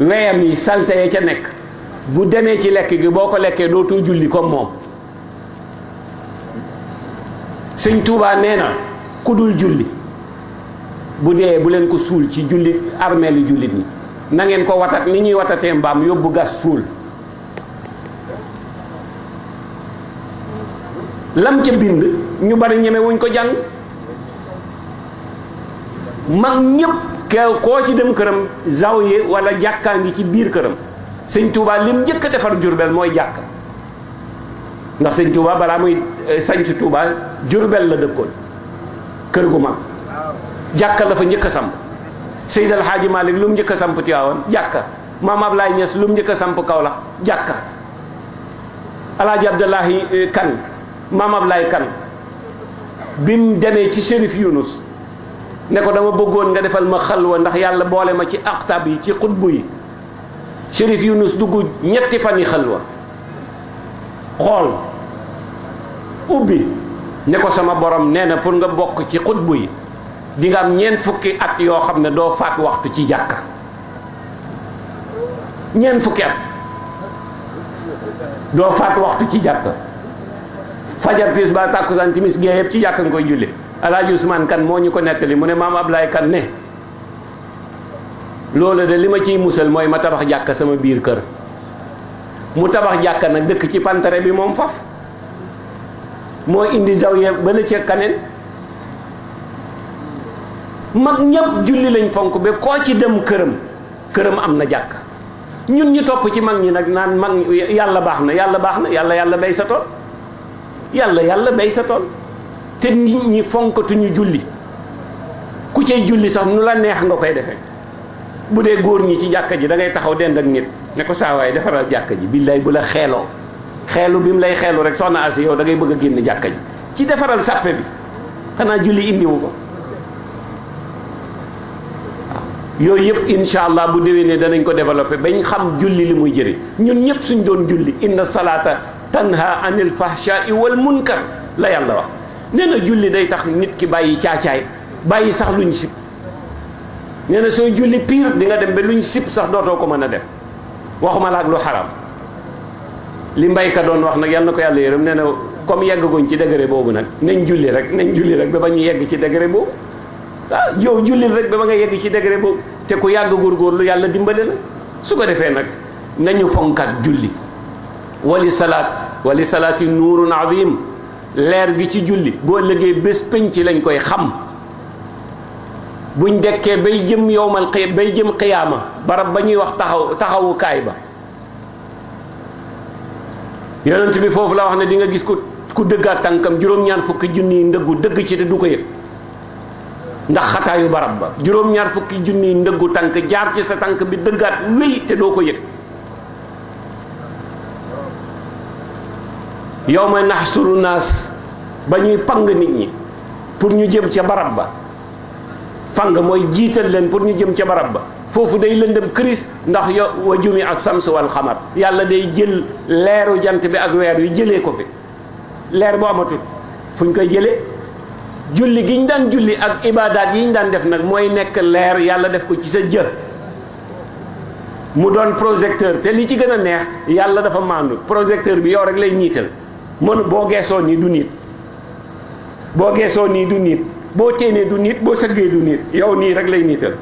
weyam yi salte ya ca nekk bu demee ci lekk bi boo ko lekkee dootoo julli comme moom sëñ Tuubaa nee na ku dul julli bu dee bu leen ko suul ci jullit armeelu jullit ñi na ngeen ko watat ni ñuy watatee mbaam yóbbu gas suul lam ca bind ñu bari ñeme wuñ ko jàng mag ñépp keew koo ci dem këram zawiye wala jàkkaa ngi ci biir këram sëñ Touba lim njëkk a defar Jurbel mooy jàkk ndax sëñ Touba balaa muy eh, sanc Touba Jurbel la dëkkoon kër gu mag jàkk la fa njëkk samp Seyd El Hadji lu mu njëkk a samp Tiwaawan jàkk Maam Ablaye Niass lu mu njëkk a samp Kaolack jàkk Alaaji Abdallahi eh, Kan Maam Ablaye Kan bi mu demee ci Chérif Younous ne ko dama bëggoon nga defal ma xalwa ndax yàlla boole ma ci aqtab yi ci xutbu yi shérif yunus dugg ñetti fan yi xalwa xool ubbi ne ko sama borom nee na pour nga bokk ci xutbu yi di nga am ñeen fukki at yoo xam ne doo faat waxtu ci jàkka ñeen fukki at doo faat waxtu ci jàkka fajar tis ba takusan timis gee yëpp ci jàkka nga koy alaaji Ousmane kan moo ñu ko nettali mu ne maam Ablaye kan ne loolu de li ma ciy musal mooy ma tabax jàkka sama biir kër mu tabax jàkka nag dëkk ci pantare bi moom faf moo indi zawiya ba la ca kaneen mag ñëpp julli lañ fonk ba koo ci dem këram këram am na jàkk ñun ñu topp ci mag ñi nag naan mag yàlla baax na yàlla baax na yàlla yàlla bay sa tool yàlla yàlla bay sa tool te nit ñi fonkatuñu julli ku cey julli sax nu la neex nga koy defee bu dee góor ñi ci jàkka ji da ngay taxaw dend ak nit ne ko saa waay defaral jàkka ji billaay bu la xeeloo xeelu bi mu lay xeelu rek soxna asi yow da ngay bëgg a génn jàkka ji ci defaral sàppe bi xanaa julli ko yooyu yëpp insha allah bu déwénee danañ ko développé bañ xam julli li muy ñun ñëpp suñ doon julli inna salata tanha anil fahsha'i wal munkar la yàlla wax nee na julli day tax nit ki bàyyi caacaay bàyyi sax luñ sib nee na soo julli pire di nga dem ba luñ sib sax dootoo ko mën a def waxuma la ak lu xaram li mbayka doon wax nag yal na ko yàlla yërëm nee na comme yeggaguñ ci degré boobu nag nañ julli rek nañ julli rek ba ba ñu yegg ci degré boobu ah yow rek ba ba nga ci degré boobu te ku yàgg góorgóorlu yàlla dimbale la su ko defee nag nañu fonkat julli wali salaat wali salaati nuurun azim leer gi ci julli boo liggéey bés pénc lañ koy xam buñ dekkee bay jëm yowmal xi bay jëm xiyaama barab ba ñuy wax taxaw taxawukaay ba yonent bi foofu la wax ne dinga gis ku ku dëggaat tànkam juróom-ñaar fukki junni ndëggu dëgg ci te du ko yëg ndax xataayu barab ba juróom-ñaar fukki junni ndëggu tànk jaar ci sa tànk bi dëggaat wéy te doo ko yëg yow ma naxsuru naas ba ñuy pang nit ñi pour ñu jëm ca barab ba pang mooy jiital leen pour ñu jëm ca barab ba foofu day lëndëm këris ndax yow wa jumi ak samsu xamar yàlla day jël leeru jant bi ak weer yu jëlee ko fi leer boo amatul fu ñu koy jëlee julli gi ñu daan julli ak ibaadaat yi ñu daan def nag mooy nekk leer yàlla def ko ci sa jë mu doon projecteur te li ci gën a neex yàlla dafa maandu projecteur bi yow rek lay ñiital mënu boo geesoo nii du nit boo geesoo nii du nit boo téenee du nit boo sëggee du nit yow nii rek lay niital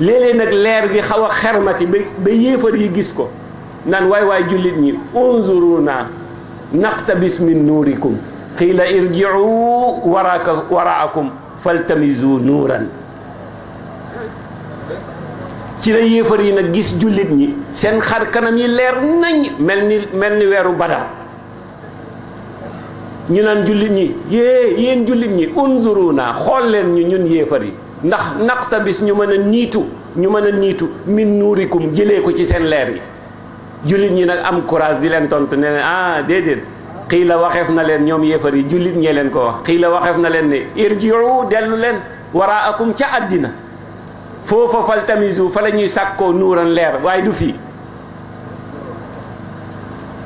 léeg-léeg nag leer gi xawa a xermati ba yéefar yi gis ko naan waay waay jullit ñi unzuruna naqtabis min nuurikum qiila irji'u waraakum faltamisu nuuran ci la yéefar yi nag gis jullit ñi seen xar kanam yi leer nañ mel ni mel ni weeru badar ñu naan jullit ñi yée yéen jullit ñi naa xool leen ñu ñun yéefar yi ndax naqta bis ñu mën a niitu ñu mën a niitu min nuurikum jëlee ko ci seen leer yi jullit ñi nag am courage di leen tontu ne leen ah déedéet xii la waxeef na leen ñoom yéefar yi jullit ñee leen ko wax xii la waxeef na leen ne irjiu dellu leen waraakum ca àddina foofa fal tamisu fa la ñuy sàkkoo nuuran leer waaye du fii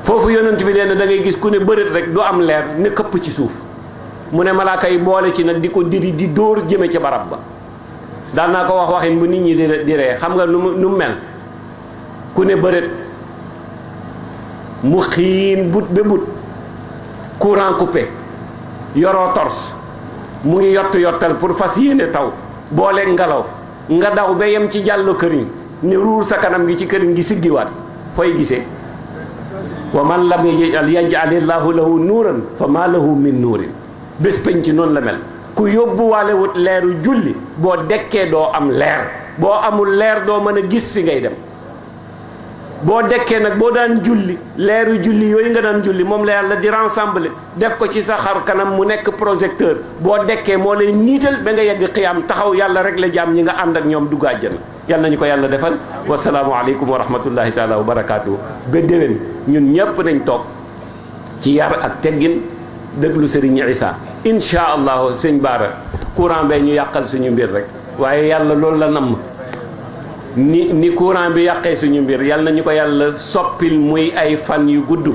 foofu yonent bi nee na da ngay gis ku ne bërët rek du am leer ne këpp ci suuf mu ne malaaka yi boole ci nag di ko diri di dóor jëme ci barab ba daan naa ko wax waxin bu nit ñi di di ree xam nga nu mu nu mu mel ku ne bërët mu xiin but ba but courant coupé yoroo tors mu ngi yottu yottal pour fas yéene taw boole ngelaw nga daw ba yem ci jàlloo këriñ ne ruur sa kanam gi ci këriñ gi siggiwaat fooy gisee wa man la lam yajal yajalillahu lahu nuuran fa maa lahu min nuurin bés ci noonu la mel ku yóbbuwaale wut leeru julli boo dekkee doo am leer boo amul leer doo mën a gis fi ngay dem boo dekkee nag boo daan julli leeru julli yooyu nga daan julli moom la yàlla di rassembler def ko ci sa xar kanam mu nekk projecteur boo dekkee moo lay niital ba nga yegg xiyaam taxaw yàlla rek la jaam ñi nga ànd ak ñoom dugg àjjana yàlla nañu ko yàlla defal wasalaamu aleykum wa rahmatullahi taala wa barakaatu ba déwén ñun ñëpp nañ toog ci yar ak teggin déglu sëriñ isa insha allahu sëñ baara courant bee ñu yàqal suñu mbir rek waaye yàlla loolu la namm ni ni courant bi yàqee suñu mbir yal na ñu ko yàlla soppil muy ay fan yu gudd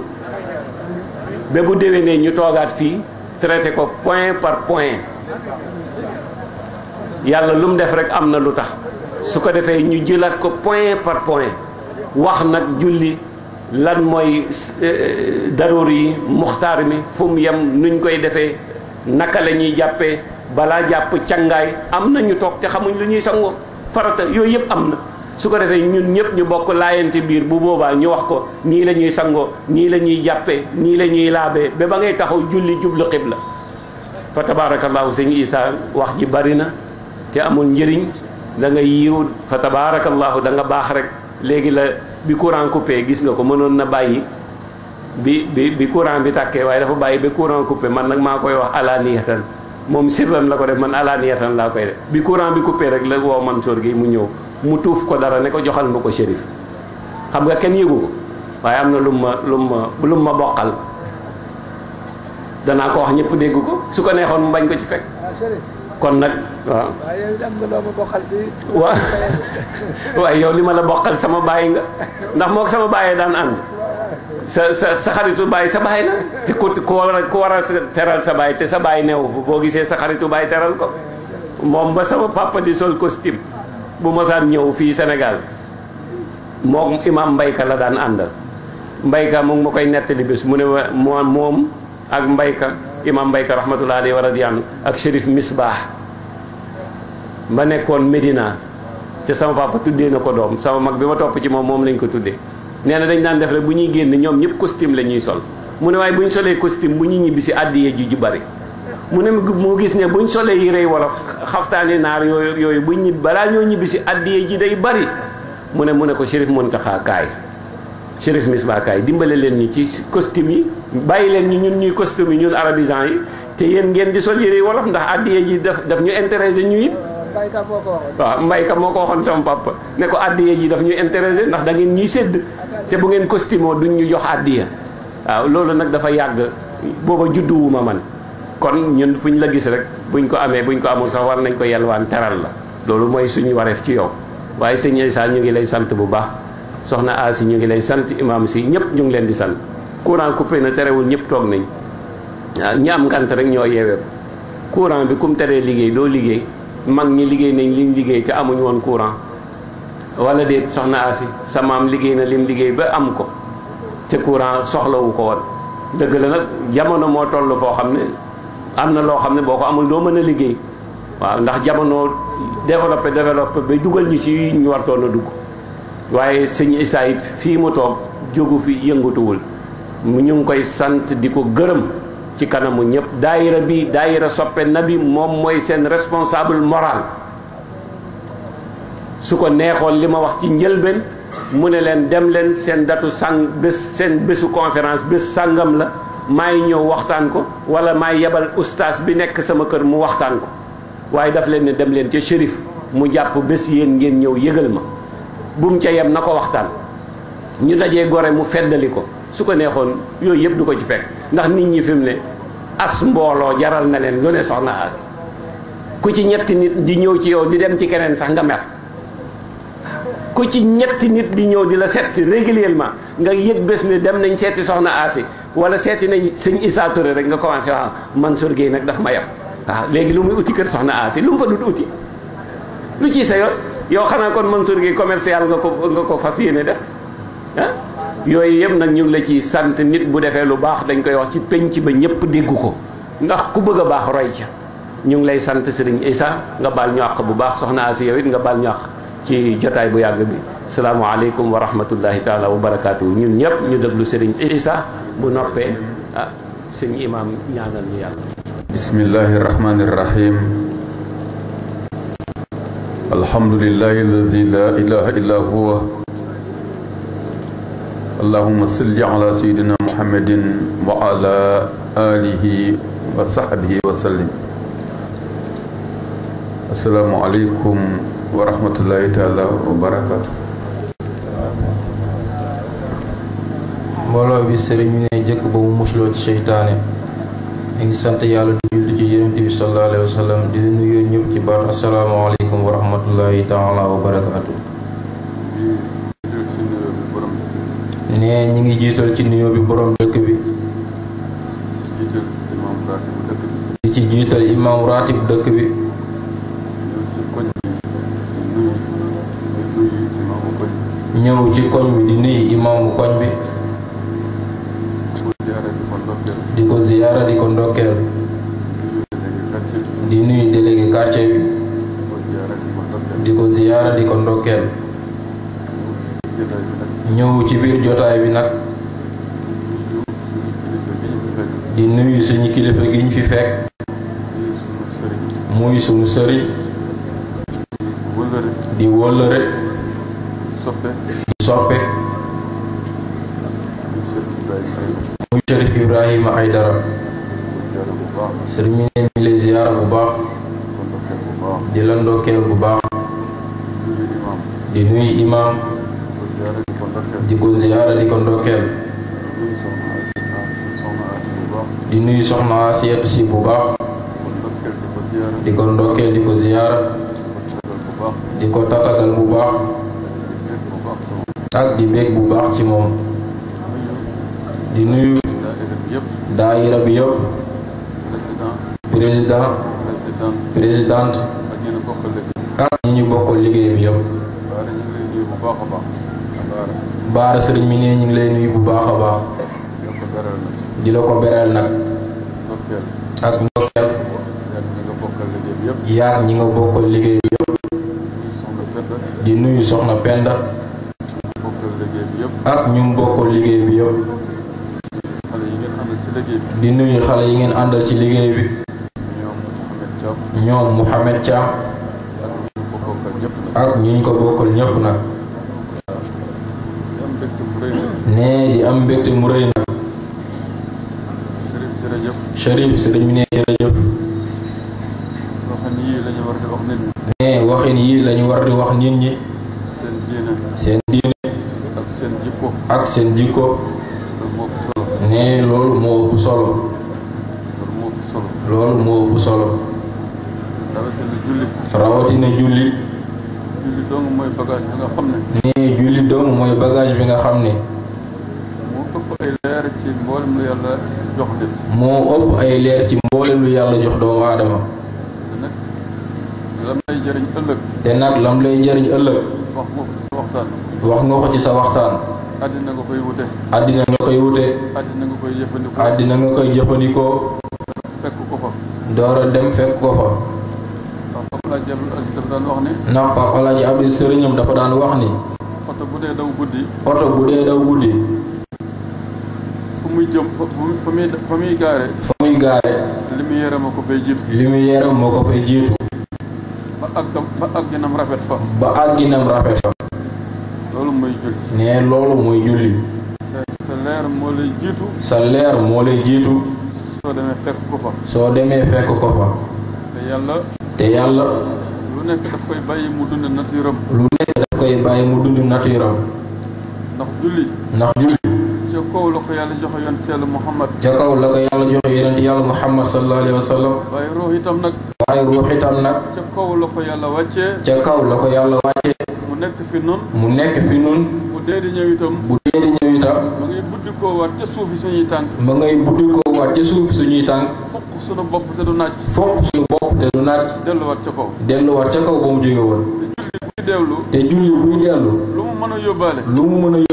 ba bu déwénee ñu toogaat fii traité ko point par point yàlla lu mu def rek am na lu tax su ko defee ñu jëlaat ko point par point wax nag julli lan mooy euh, daruur yi muxtaar mi fu mu yem nuñ koy defee naka la ñuy jàppee balaa jàpp cangaay am na ñu toog te xamuñ lu ñuy sangoo farata yooyu yëpp am na su ko defee ñun ñëpp ñu bokk laayante biir bu boobaa ñu wax ko nii la ñuy sangoo nii la ñuy jàppee nii la ñuy laabee ba ba ngay taxaw julli jublu xibla fa tabaarakallaahu sëñ Isaa wax ji bari na te amul njëriñ da nga yiiw fa tabaarakallaahu da nga baax rek léegi la bi courant coupé gis nga ko mënoon na bàyyi bi bi bi courant bi tàkkee waaye dafa bàyyi ba courant coupé man nag maa koy wax ala niyatan moom sirlam la ko def man alaniyatan laa koy def bi courant bi coupé rek la woo Mansour gi mu ñëw mu tuuf ko dara ne ko joxal ma ko shérif xam nga kenn yëgu ko waaye luma luma luma bokal lu ma lu ko wax ñëpp dégg ko su ko ko ci ah, kon nag wa wa yow li la sama bàyyi nga ndax mok sama bàyyee daan ànd sa sa sa xaritu baay sa baay la te ko ko war ko war teral sa baay te sa baay new boo gisee sa xaritu teral ko mom ba sama papa di sol costume bu mosaan ñëw fii Sénégal imam mbayka la daan àndal mbayka mu ngi ma koy nettali bis mu ne ma ak mbayka imam mbayka rahmatullahi alayhi wa radiyanu ak misbah ba kon Medina te sama papa tuddee na ko sama mag bi ma ci moom moom lañ ko nee na dañ daan def bu ñuy génn ñoom ñëpp costume la ñuy sol mu ne waaye bu ñu solee costume bu ñuy ñibbi si àddiya ji ju bari mu ne mu gis ne bu ñu solee yérey wolof xaftaani naar yooyu yooyu bu ñibbi balaa ñoo ñibbi si àddiya ji day bari mu ne mu ne ko Chérif Mountakha kaay Chérif Misbah kaay dimbale leen ñu ci costume yi bàyyi leen ñu ñun ñuy costume yi ñun arabisant yi te yéen ngeen di sol yérey wolof ndax àddiya ji daf daf ñu intéressé ñu bàyyi ka moo ko waaw ah, mbay ka moo ko waxoon sama papa ne ko addiya ji daf ñu intéressé ndax da ngeen ñuy sédd te bu ngeen costimo duñ ñu jox addiya waaw ah, loolu nag dafa yàgg booba judduwuma man kon ñun fuñ la gis rek buñ ko amee buñ ko amul sax war nañ ko yelwaan teral la loolu mooy suñu wareef ci yow waaye sëñ Issa ñu ngi lay sant bu baax soxna Asi ñu ngi lay sant imam si ñëpp ñu ngi leen di sant courant coupé na terewul ñëpp toog nañ ah, ñi am ngant rek ñoo yeewee courant bi kum liggéey doo liggéey mag ñi liggéey nañ liñ liggéey te amuñ woon courant wala de soxna Asi sa maam liggéey na lim liggéey ba am ko te courant soxlawu ko wan dëgg la nag jamono moo toll foo xam ne am na loo xam ne boo ko amul doo mën a liggéey waaw ndax jamono développé développé ba dugal ñu ci ñu wartoon a dugg waaye sëñ Issa fii mu toog jógu fi yëngatuwul mu ñu ngi koy sant di ko gërëm ci kanamu ñëpp daayira bi daayira soppe nabi moom mooy responsable moral suko ko lima li ma wax ci njëlbeen mu ne dem datu sang bés seen bésu conférence bés sangam la maay ñëw waxtaan ko wala maay yabal ustaas bi nekk sama kër mu waxtaan ko waaye daf leen ne dem leen yen shérif mu jàpp ngeen ma bum ca yem na ko waxtaan ñu dajee gore mu feddali ko su ko neexoon du ko ci fekk ndax nit ñi fim mu ne as mbooloo jaral na leen lu ne soxna as ku ci ñetti nit di ñëw ci yow di dem ci keneen sax nga mer ku ci ñetti nit di ñëw di la seet si régulièrement nga yëg bés ne dem nañ seeti soxna asi wala seeti nañ sëñ Issa rek nga commencé waaw Mansour Gueye nag daf ma yab waaw léegi lu muy uti kër soxna asi lu mu fa dut uti lu ciy sa yoon yow xanaa kon Mansour Gueye commercial nga ko nga ko fas yéene def ah yooyu yëpp nag ñu ngi la ciy sant nit bu defee lu baax dañ koy wax ci penc ba ñëpp dégg ko ndax ku bëgg a baax roy ca ñu ngi lay sant sëriñ isa nga baal ñu àq bu baax soxna asi yow nga baal ñu àq ci jotaay bu yàgg bi salaamaaleykum wa rahmatullahi taala wa barakaatu ñun ñëpp ñu déglu sëriñ isa bu noppee ah sëñ ñaanal ñu yàlla bismillahi alhamdulillahi alladi la ilaha illa huwa اللهم صل على سيدنا محمد وعلى آله وصحبه وسلم السلام عليكم ورحمة الله تعالى وبركاته مولاي بي سيرمني جيك بو موشلو الشيطان ان سنت يالا دجول دجي صلى الله عليه وسلم دي نيو نيب السلام عليكم ورحمه الله تعالى وبركاته nee ñi ngi jiital ci nuyoo bi boroom dëkk bi. di ci jiital imam dëkk bi. ñëw ci koñ bi di nuyu imaamu koñ bi. di ko ziyaara di ko ndokkeel. di nuyu délégué quartier bi. di ko ziyaara di ko ndokkeel. ñëw ci biir jotaay bi nag di nuyu suñu kilifa gi ñu fi fekk muy suñu sëriñ di wóllëre di soppe muy Cherif Ibrahima Aidara sëriñ mi ne ñu lay ziyaara bu baax di la bu baax di nuyu imaam di ko ziyaara di ko nuyu soxna Asiyatu si bu baax di ko ndokkeel di ko ziyaara di ko tatagal bu baax ak di bég bu baax ci moom di nuyu daayira bi yëpp président présidente ak ñi ñu bokkal liggéey bi yëpp baara sëriñ mi ne ñu ngi lay nuyu bu baax a baax di la ko nag ak ndokkeel yaag ñi nga bokkal liggéey bi yëpp di nuyu soxna penda ak ñu bokkal liggéey bi yëpp di nuyu xale yi ngeen àndal ci liggéey bi ñoom Mouhamed Thiam ak ñu ko bokkal ñëpp nag am mbégte mu rëy nag Chérif bi ne jërëjëf ne waxin yii lañu war di wax nit ñi seen diine ak seen jikko ne loolu moo ëpp solo loolu moo ëpp solo rawatina julli bi nga xam ne. nee julli dong mooy bagage bi nga xam ne. ëpp ay leer ci mboolem lu moo ëpp ay leer ci mboolem lu yàlla jox doomu aadama. te nag lam lay jëriñ ëllëg. te wax nga ko ci sa waxtaan. wax nga àddina nga koy wute. àddina nga koy wute. jëfandikoo. àddina nga ko fa. door a dem fekk ko fa. ndax Papa Alaaji Abdou sëriñam dafa daan wax ni. oto bu dee daw guddi. muy jëm fa muy fa muy gaare fa muy ko fay jiitu li muy yërëm fay jiitu ba ak ba ak ginam rafet fa ba ak ginam rafet fa loolu mooy julli ne loolu mooy julli sa leer moo lay jiitu sa leer moo lay jiitu soo demee fekk ko fa soo demee fekk ko fa te yàlla te lu daf koy mu dund naturam lu daf koy mu dund naturam ndax julli ndax julli ca kaw la ko yàlla joxe yonent yàlla Muhammad. ca kaw la ko yàlla joxe yonent yàlla Muhammad wa sallam. waaye ruux itam nag. ca kaw la ko yàlla wàccee. ca kaw la ko yàlla wàccee. mu nekk fi nun mu nekk fi nun bu dee di ñëw itam. bu dee di ñëw itam. ma ngay buddikoo waat ca suufi suñuy tànk. ma ngay buddikoo waat ca suufi suñuy tànk. fokk suñu bopp te du naaj. fokk suñu bopp te du naaj. delluwaat ca kaw. delluwaat ca kaw ba mu jóge woon. te julli buy dellu. te julli buy dellu. lu mu a yóbbaale. lu mu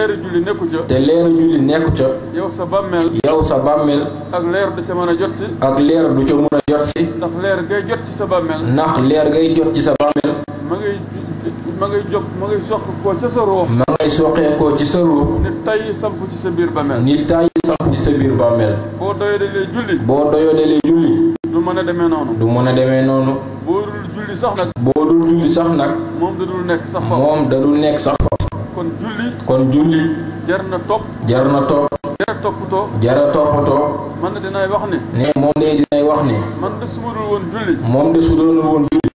leeru julli nekku ca. te leeru julli nekku ca. yow sa bàmmeel. yow sa bàmmeel. ak leer du ca mën a jot si. ak leer du ca mën a jot si. ndax leer ngay jot ci sa bàmmeel. ndax leer ngay jot ci sa bàmmeel. ma ngay ma ngay jóg ma ngay soqeekoo ma ngay soqeekoo ci sa ruux. nit tay sa biir bàmmeel. nit tay samp sa biir bàmmeel. boo doyodelee julli. boo doyodelee julli. du mën a demee noonu. du mën a demee noonu. boo dul julli sax moom da dul nekk sax moom da dul nekk sax kon julli. kon julli. jar na topp. jar na topp. a toppatoo. jar a toppatoo. man de wax ne. moom de su ma woon julli.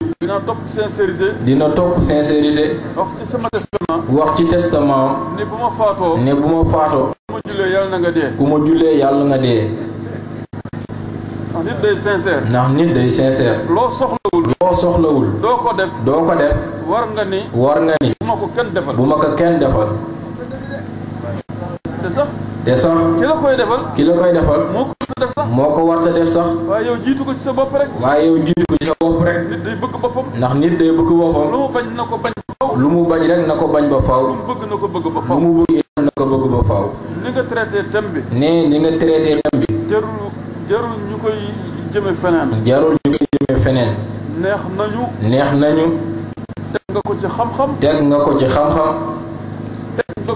dina topp sincérité. wax ci sama testament. wax ci testament. ne bu ma faatoo. ne bu ma faatoo. ku ma jullee yàlla nga dee. ku ma boo soxlawul doo ko def doo ko def war nga ni war nga ni buma ma ko kenn defal bu ma ko kenn defal te sax te sax ki la koy defal ki la koy defal moo ko def sax moo ko warta def sax waaye yow jiitu ko ci sa bopp rek waaye yow jiitu ko ci sa bopp rek nit day bëgg nih ndax nit day bëgg boppam lu bañ na ko bañ lu mu bañ rek na bañ ba faaw lu bëgg na bëgg ba faaw lu mu bëgg na bëgg ba faaw ni nga traité thème bi ni nga traité thème bi jarul ñu koy jëme feneen. jarul ñu koy jëme feneen. neex nañu. neex nañu. teg nga ko ci xam-xam. teg nga ko ci xam-xam. teg ko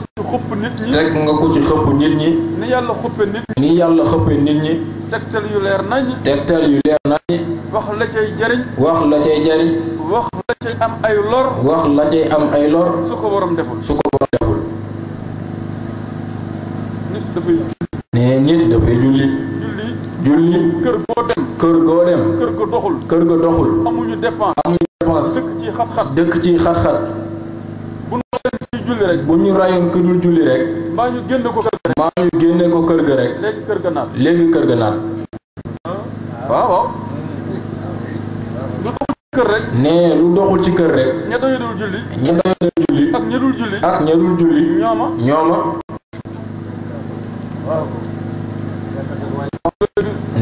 ci xëpp nit ñi. ni yàlla xëppe nit ñi. yàlla xëppe nit ñi. tegtal yu leer nañu. tegtal yu leer nañu. wax la cay jariñ. wax la cay jariñ. wax la cay am ay lor. wax la cay am ay lor. su ko borom deful. su ko borom deful. nee nit dafay julli. julli kër goo dem kër goo dem kër ga doxul kër ga doxul amuñu dépense amuñu dépense dëkk ci xat-xat dëkk ci xat-xat bu ñu rayoon ci julli rek bu ñu rayoon ku dul julli rek mbaa ñu génne ko kër ga rek mbaa ñu génne ko kër ga rek léegi kër ga naat léegi kër ga naat waaw waaw lu doxul ci kër rek nee lu doxul ci kër rek ña doyul julli ña doyul julli ak ña dul julli ak ña dul julli ñooma ñooma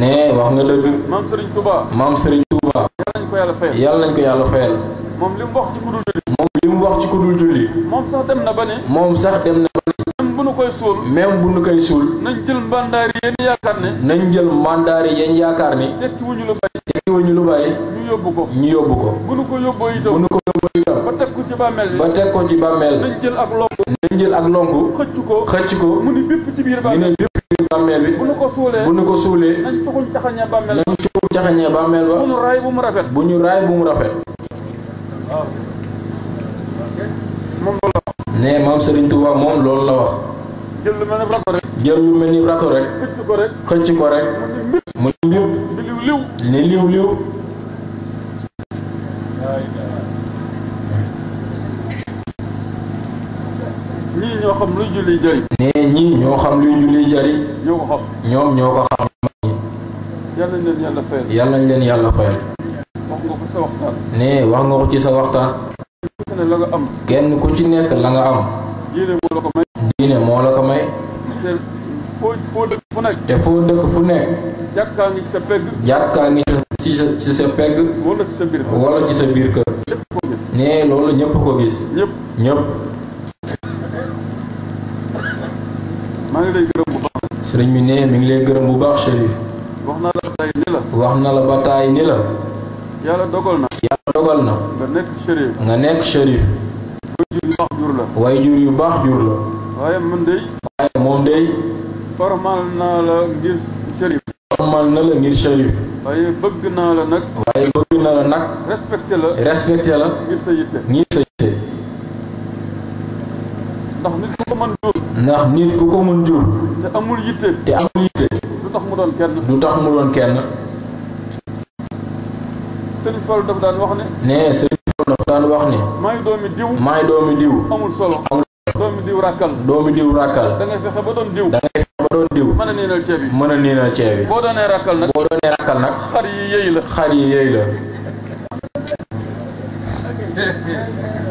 ne wax nga dëgg. maam Serigne Touba. maam Serigne Touba. yàlla nañ ko yàlla fayal. yàlla nañ ko yàlla fayal. moom li mu wax ci kudul julli. moom julli. moom sax dem na ba ne. moom sax dem na ba ne. même bu nu koy suul. même bu nu koy suul. nañ jël mandaari yéen yaakaar ne. nañ jël mandaari yéen yaakaar ne. tekki wuñu lu bàyyi. ñu yóbbu ko. ñu yóbbu ko. bu nu ko yóbboo itam. teg ko ci ba teg ko ci bàmmeel nañ jël ak nañ jël ak lonku xëcc ko mu ni bépp ci biir bàmmeel bi bu nu ko suulee bu nu ko suulee nañ tuxuñ caxañee bàmmeel ba bu ñu raay bu mu rafet bu ñu raay bu mu rafet waaw moom loolu la nee maam Serigne Touba moom loolu la wax jël lu mel ni rato rek lu mel ni rato rek xëcc ko rek xëcc mu ni liw liw ñii ñoo xam luy nee ñii ñoo xam luy julli jëriñ. ñoo ñoom ñoo ko xam. yàlla leen yàlla fayal. leen yàlla fayal. wax nee wax nga ko ci sa waxtaan. kenn ku ci nekk la nga am. diine moo la ko may. moo la may. te foo foo dëkk fu nekk. fu nekk. jàkkaa ngi ci sa ngi ci sa ci sa pegg. wala ci sa biir kër. wala ci sa biir kër. nee loolu ñëpp ko gis. ñëpp maa ngi lay gërëm bu baax. sëriñ bi nee mi ngi lay gërëm bu baax Chérif. wax na la bataay ni la. wax yàlla dogal na. yàlla dogal na. nga nekk Chérif. nga nekk Chérif. waajur yu baax jur la. waajur yu baax jur la. waaye man de. waaye moom de. formal naa la ngir Chérif. formal na la ngir Chérif. waaye bëgg naa la nag. waaye bëgg na la nag. respecté la respecté la. ngir sa yitte ngir sa ndax nit ku ko mën jur. ndax nit ku ko mën jur. te amul yitte. te amul yitte. du tax mu doon kenn. ne. nee Serigne Fall dafa daan wax ne. maay doomi diw. maay doomi diw. amul solo amul solo. doomi diw ràkkal. doomi fexe ba doon diw. mën a niinal ceeb bi. mën a niinal ceeb bi. boo doonee ràkkal nag. yi yëy la. xar yi yëy la.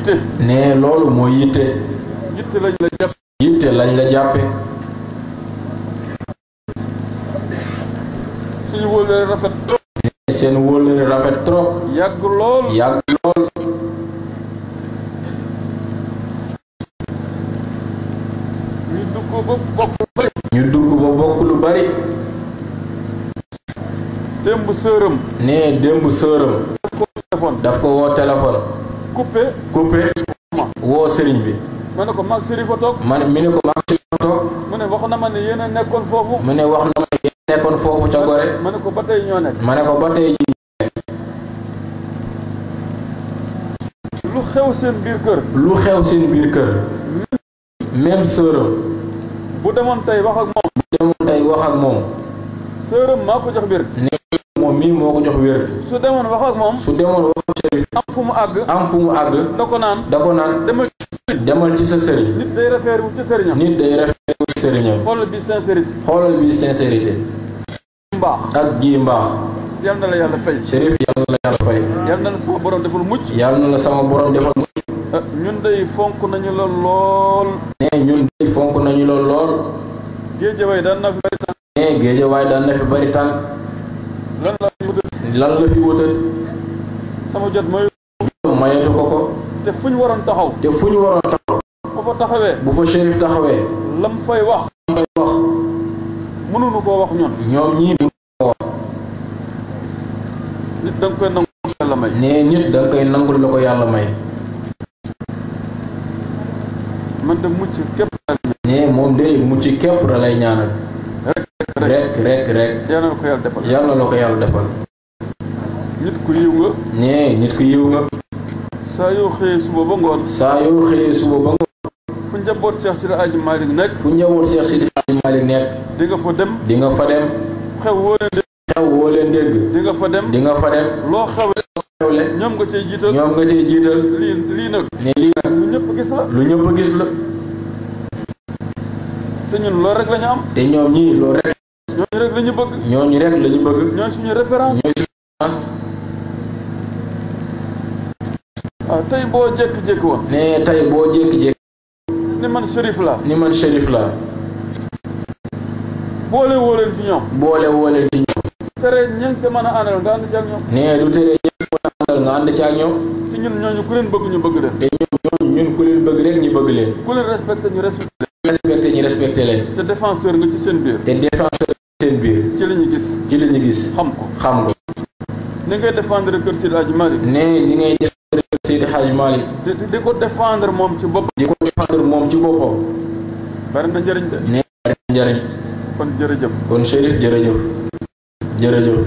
yitte. nee loolu mooy yitte. yitte lañ la jàppe. yitte lañ rafet trop. nee seen wóolere rafet trop. yàgg lool yàgg lool. ñu dugg ba bokk lu bari. ñu dugg ba bokk lu bari. démb sëram. nee démb sëram. daf ko woo téléphone. coupé. coupé. woo sëriñ bi. ma ne ko mag sëriñ fa toog. ma ne mi ne ko mag sëriñ fa toog. mu ne wax na ma ne yéen a nekkoon foofu. mu ne wax na ma ne yéen a nekkoon ko ba tey ñoo nekk. ma ne ko lu xew seen biir kër. lu sërëm. bu demoon tey wax ak moom. sërëm maa ko jox mbir. moom mii moo ko jox wér. su demoon wax ak moom. su demoon wax ak sëriñ. am fu mu àgg. am fu mu da ko naan da ko naan. demal ci sa sëriñ. demal ci sa sëriñ. nit day référé wu ci sëriñam. nit day référé wu sëriñam. xoolal bi sincérité. yal na la yàlla fay. Chérif yal na la yàlla fay. yal sama borom defal mucc. yal na la sama borom defal mucc. Eh, ñun day fonk nañu la lool. nee ñun day fonk nañu la lool. géejewaay daan na fi bari tànk. nee géejewaay daan na fi bari tànk. lan la fi wutati. la fi wutati. sama jot mayetu mayetu ko ko. te fu ñu waroon taxaw. te fu ñu waroon taxaw. bu fa taxawee. taxawee. lam fay wax. lam fay wax. mënuñu koo wax ñun. ñoom ñii mënuñu koy nangul la ko yàlla may. man de mucc képp. nee moom lay ñaanal. rek rek rek. yal na ko yàlla defal yal na ko yàlla defal. nit ku yiw nga. nee nit ku yiw nga. saa yoo xëyee suba ba ngoon. saa yoo xëyee suba ba ngoon. fu njaboot Cheikh Sidi Aji Malick nekk. fu njaboot Cheikh Sidi nekk. di nga fa dem. di nga fa dem. xew woo leen dégg. xew woo di nga fa dem. di nga fa dem. loo xewle. xewle ñoom nga cay jiital. ñoom nga cay jiital. lii lii nag. ne lii nag. lu ñëpp gis la. lu ñëpp gis la. te ñun loolu rek la ñu am. te ñoom ñii loolu rek. ñooñu rek la ñu bëgg. ñooñu rek la ñu bëgg. ñooñu suñu référence. ñooñu suñu référence. waaw tey boo jékki-jékki woon. ne tey boo jékki-jékki. ni man shérif la ni man shérif la boole woo leen ci ñoom. boole woo leen ci ñoom. tere ña nga mën a àndal nga ànd ci ak ñoom. nee du tere ña nga mën a àndal nga ànd ci ak ñoom. te ñun ñooñu ku leen bëgg ñu bëgg leen. ñun ku leen bëgg rek ñu bëgg leen. ku leen respecté ñu respecté leen. respecté ñu respecté leen. te défenseur nga ci seen biir. te défenseur ci seen biir. ci la ñu gis. ci xam ko xam ko. ni ngay défendre kër Seydi Hadji Malick. ne ni ngay défendre kër Seydi Hadji Malick. di ko défendre moom ci boppam. di ko défendre moom ci boppam. bari na njëriñ de. ne bari kon jërëjëf. kon Chérif jërëjëf. jërëjëf.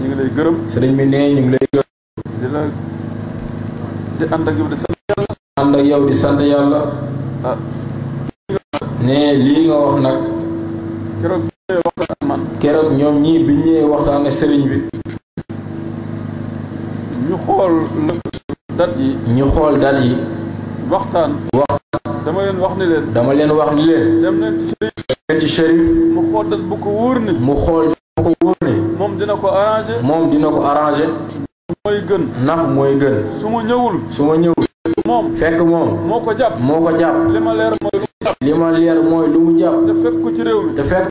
ñu ngi lay gërëm. sëriñ bi nee ñu ngi lay gërëm. di la di ànd ak yow di sant. ànd ak yow di sant yàlla ah. ne lii nga wax nag keroog ñoom ñii bi ñëwee waxtaan ak sëriñ bi ñu xool dat yi ñu xool dat yi waxtaan waxtaan dama leen wax ni leen dama leen wax ni leen dem ci shérif mu xool dat bu ko wóor ni mu xool bu moom dina ko arrangé moom dina ko arrangé mooy gën ndax mooy gën su ma ñëwul su ñëwul moom fekk moom. moo ko jàpp moo ko jàpp. li ma leer mooy lu mu jàpp. li mooy lu mu jàpp. te fekk ko ci réew mi. te fekk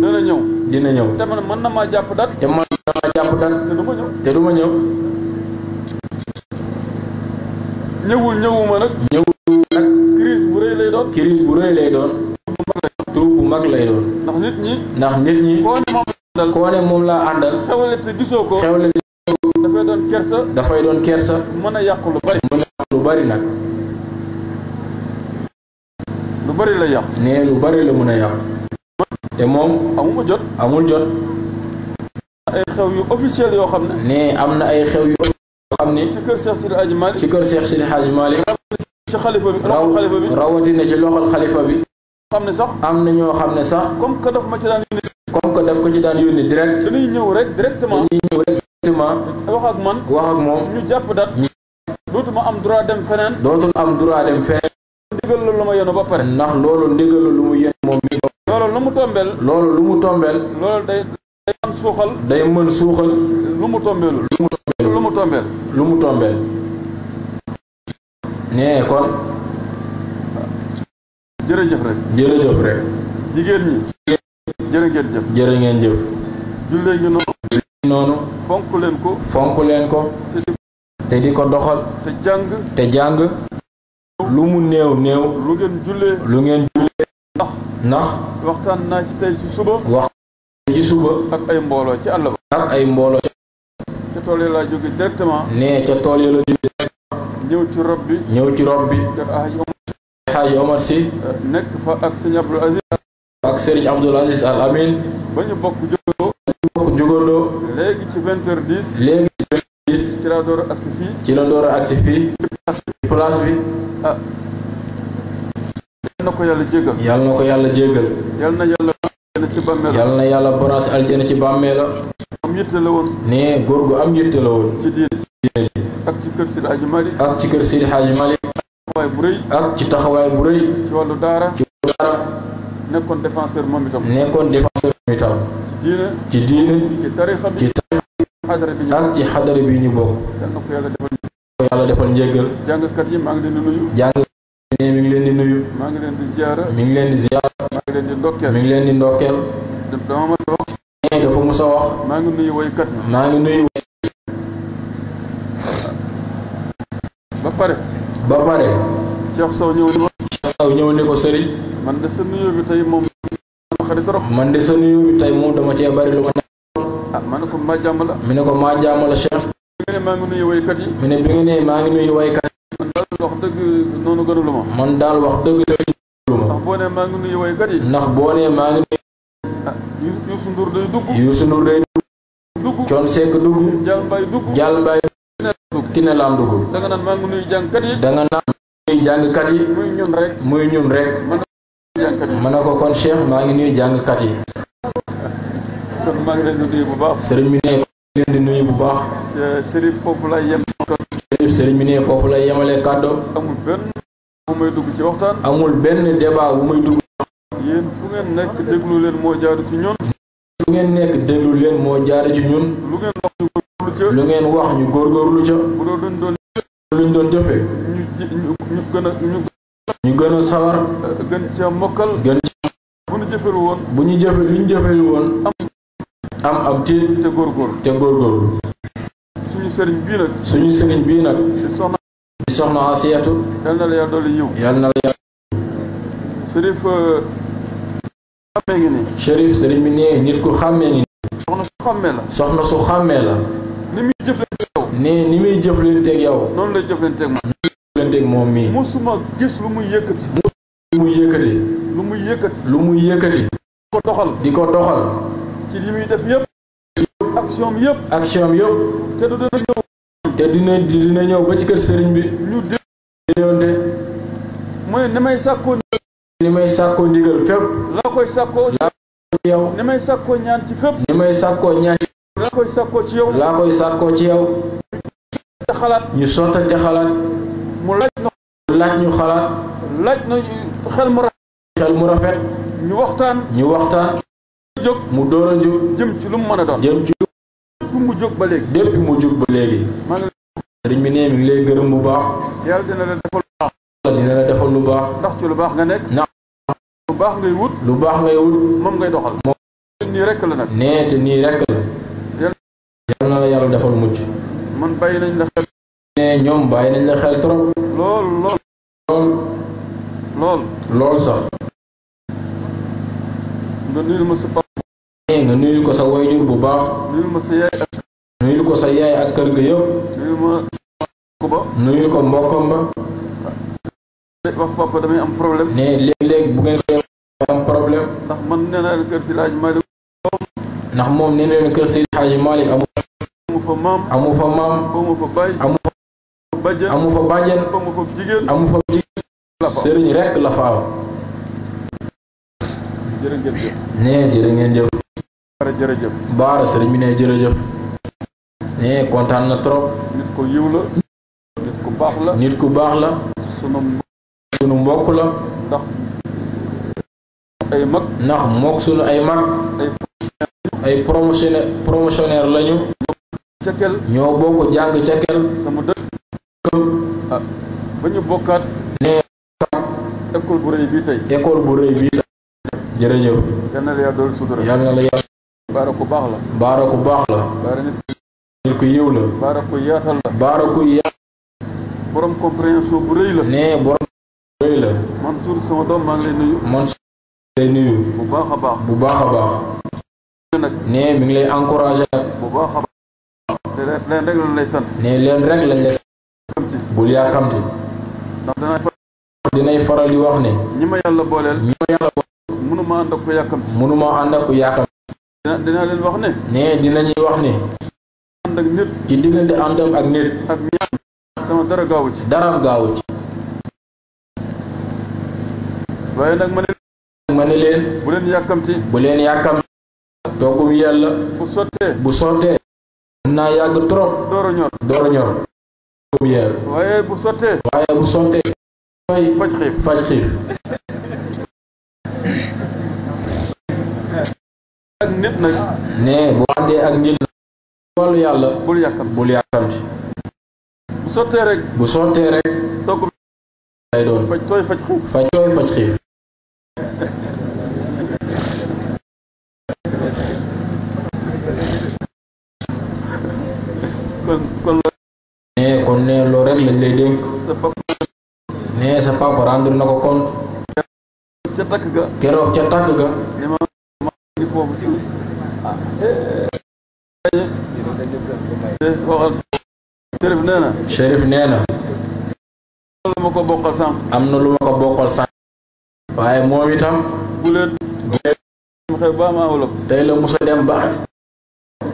dina ñëw. dina ñëw. te man na maa jàpp dat. te man mën na maa jàpp dat. te du ma ñëw te du ma ñëw. ñëwul ñëwuma nag. ñëwul nag. bu rëy lay doon. crise bu rëy lay doon. tuub bu mag lay doon. ndax nit ñi. ndax nit ñi. koo ne moom laa àndal. xewle te gisoo ko. xewle te gisoo ko. dafay doon kersa. dafay doon kersa. mën a yàq lu bari. lu bari nag lu bari la yàq nee lu bari la mën a yàq te moom amuma jot amul jot ay xew yu officiel yoo xam ne nee am na ay xew yu yoo xam ni ci kër Cheikh Sidi Hadj Malick ci kër Cheikh Sidi Hadj Malick ci xalifa bi raw xalifa bi rawatina ci loxol xalifa bi xam sax am na ñoo sax comme que daf ma ci daan yónni comme que daf ko ci daan yónni direct dañuy ñëw rek directement dañuy ñëw rek directement wax ak man wax ak moom ñu jàpp dat dootuma am droit dem feneen. dootul am droit dem feneen. la lu ma ndax loolu ndigal la lu mu yenu moom mi. loolu lu mu tombeel. loolu lu mu tombeel. loolu day day mën suuxal. day lu mu tombeel lu mu tombeel. nee kon. jërëjëf rek. jërëjëf rek. jigéen ñi. jërë ngeen jëf. jullee ngi noonu. fonk leen ko. fonk leen ko. te di ko doxal. te jàng. te lu mu néew néew. lu ngeen jullee. ndax. ndax. waxtaan naa ci tey ci suba. mbooloo ci àll ay mbooloo ci. ca tool yi laa jóge nee ca tool yi la jóge. ñëw ci bi. ñëw ci rob bi. kër Omar Sy. Euh, nekk fa ak sëriñ Abdoul Aziz Al Amin. ba ñu bokk jógandoo. léegi ci vingt heures léegi. gis ci la a agsi fii. la door a fii. ci place bi. ah. yal na ko yàlla jéggal. yal na ko yàlla jéggal. yal na yàlla aljana ci bàmmeel. yal na yàlla branche aljana ci bàmmeel la. am yitte la woon. nee góor gu am yitte la woon. ci diine ji. ak ci kër Sidi Hadji Malick. ak ak ci taxawaay bu ci wàllu daara. ci wàllu daara. nekkoon défenseur moom ci diine. ak ci xadara bi ñu bokk. yàlla defal njéggal. jàngkat yi maa ngi leen di nuyu. jàngkat yi mi ngi leen di nuyu. maa ngi leen di ziara. mi ngi leen di ziara. maa ngi leen di ndokkeel. mi ngi leen di maa ngi nuyu woykat yi. maa ngi nuyu. ba pare. ba pare. Cheikh Sow ñëw ni ko. Cheikh Sow ñëw ni sëriñ. man de sa nuyu bi tey moom. man de sa nuyu bi tey moom dama cee bari lu ma ah ma ne ko maa jàmm la. mu ne ko maa bi nga ne maa ngi nuyu waykat yi. mu ne bi nga ne maa ngi nuyu waykat yi. daal wax dëgg noonu gënalu ma. man daal wax dëgg noonu ndax boo ne maa ngi nuyu waykat yi. ndax boo maa ngi nuyu. ah day dugg. Youssou Ndour dugg. Thione Seck dugg. Diallo Mbaye dugg. dugg. Kiné naan maa jàngkat yi. muy ñun rek. muy ñun ko kon Cheikh maa ngi nuyu jàngkat yi. maa ngi leen di nuyu bu baax. sëriñ bi nee leen di nuyu bu baax. sëriñ euh, foofu lay yem. sëriñ bi nee foofu lay yemale kàddo. amul benn bu may dugg ci waxtaan. amul benn débat bu may dugg. yéen fu ngeen nekk déglu leen moo jaadu ci ñun. fu ngeen nekk déglu leen moo jaadu ci ñun. lu ngeen wax ñu góorgóorlu ca. lu ngeen wax ñu góorgóorlu ca. bu doon doon luñ doon jëfee. ñu ñu gën a ñu. ñu gën a sawar. gën ca mokkal. gën ca bu ñu jëfee woon. bu ñu jëfee lu ñu jëfee woon. am am tiit te góorgóorlu te góorgóorlu suñu sëriñ bii nag suñu sëriñ bii nag di soxna asiyatu yal na la yàlla dolli euh, sëriñ bi nee nit ku xàmmee ngi nii soxna su xàmmee la soxna su xàmmee la ni muy jëflanteeg yow yow noonu lay jëflanteeg moom jëflanteeg moom mii musuma gis lu muy yëkkati lu muy yëkkati lu muy yëkkati di ko doxal di ko doxal ci li muy def yëpp. action bi yëpp. action bi yëpp. te du dina ñëw. te dina dina ñëw ba ci kër sëriñ bi. ñu déglu. mooy ni may sàkkoo. ni may sàkkoo ndigal fépp. laa koy sàkkoo. laa koy ci yow. ni may sàkkoo ñaan ci fépp. ni may sàkkoo ñaan. ci yow. laa koy sàkkoo ci yow. ñu sottante xalaat. mu laaj ñu. laaj ñu xalaat. laaj na mu rafet. xel mu rafet. ñu waxtaan. ñu waxtaan. jóg mu door a jóg lu mu mën a doon jëm ci lu mu jóg ba léegi depuis mu jóg ba léegi sëriñ bi nee mi ngi bu baax yàlla dina la defal lu baax yàlla dina la lu baax ndax ci lu baax nga nekk ndax lu baax ngay wut lu baax ngay wut moom ngay doxal moom nii rek la nag nee te nii rek la yàlla na la yàlla defal mujj man bàyyi nañ la xel ñoom bàyyi nañ la xel trop lool lool lool lool lool sax nga nuyu ko sa am problème. ne léeg-léeg bu ndax moom nee na leen kër si laaj Malick amu. fa maam amu fa maam. sëriñ rek la fa am. nee jërë ngeen jëf. jërëjëf baara sëriñ bi ne jërëjëf ne kontaan na trop nit ku yiw la nit ku baax la sunu mbokk la ndax ay mag ndax mook sunu ay mag ay promotionnaire promotionnaire lañu ñoo bokk jàng ca kel ah, ba ñu bokkaat ne école bu rëy bii tey école bu rëy bii tey jërëjëf yal na la yàlla baara ku baax la. baara ku baax la. baara nit ku yiw la. baara ku yaatal la. baara ku yaatal. borom compréhension bu rëy la. nee borom bu rëy la. Mansour sama doom maa ngi lay nuyu. bu baax a baax bu baax a baax. nee mi ngi lay encouragé nag. bu baax a baax. leen rek lañ lay sant. nee leen rek lay bul yàkkamti. ndax dinay faral di wax ne. ñi ma yàlla booleel. mënuma ànd ak ku yàkkamti. dina dina leen wax ne. nee dinañuy wax ne. ànd ak nit. ci diggante àndam ak nit. ak ñaar sama dara gaawu ci. dara gaawu ci. waaye nag ma ne. ma bu leen yàkkamti. bu leen yàkkamti. toogum yàlla. bu sottee. bu sottee. mën naa yàgg trop. door ñor. door ñor. waaye bu sottee. waaye bu sottee. faj xiif. ak nit nag. nee bu àndee yàlla. bul yàkkam bul yàkkam ci. bu kon kon. rek lañ lay dénk. sa nee sa papa na ko compte. ca takk ga. keroog ca takk ga. neena. Chérif nee na. am na lu ma ko bokkal sànq. am na lu ma ko bokkal sànq. waaye moom itam. bu leen. bu leen xew ba am enveloppe. tey la musa dem ba.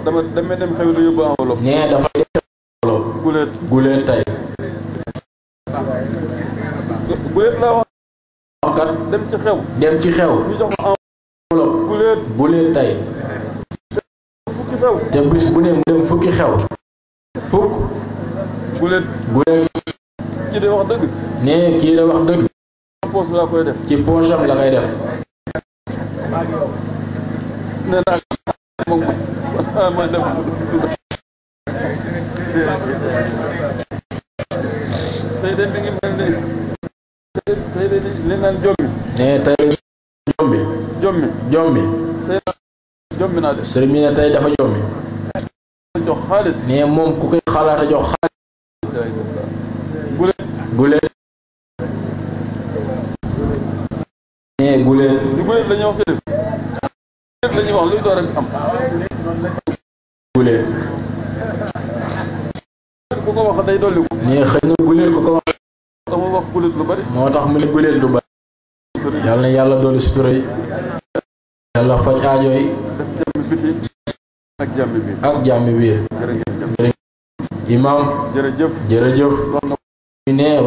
dama dama dem xew lu yóbbu enveloppe. nee dafa dem enveloppe. guleet guleet tey. guleet laa wax. wax kat dem ci xew. dem ci xew. ñu jox ma enveloppe guléet guléet te bis bu ne mu dem fukki xew fukk guléet guléet kii de wax dëgg nee kii wax dëgg ci poosam la koy def nee naa de jommi nee tey jommi jommi jommi jommi naa dafa jommi ne moom ku koy xalaata jox xaalis guléet guléet ne guléet di guléet la ñuy wax sëriñ guléet la ñuy wax luy door rek am guléet ku ko wax day dolli ne xëy na moo tax mu ne guléet lu bari yàlla na yàlla doole sutura yi yàlla faj aajo ak jàmmi biir ak jàmmi jërëjëf jërëjëf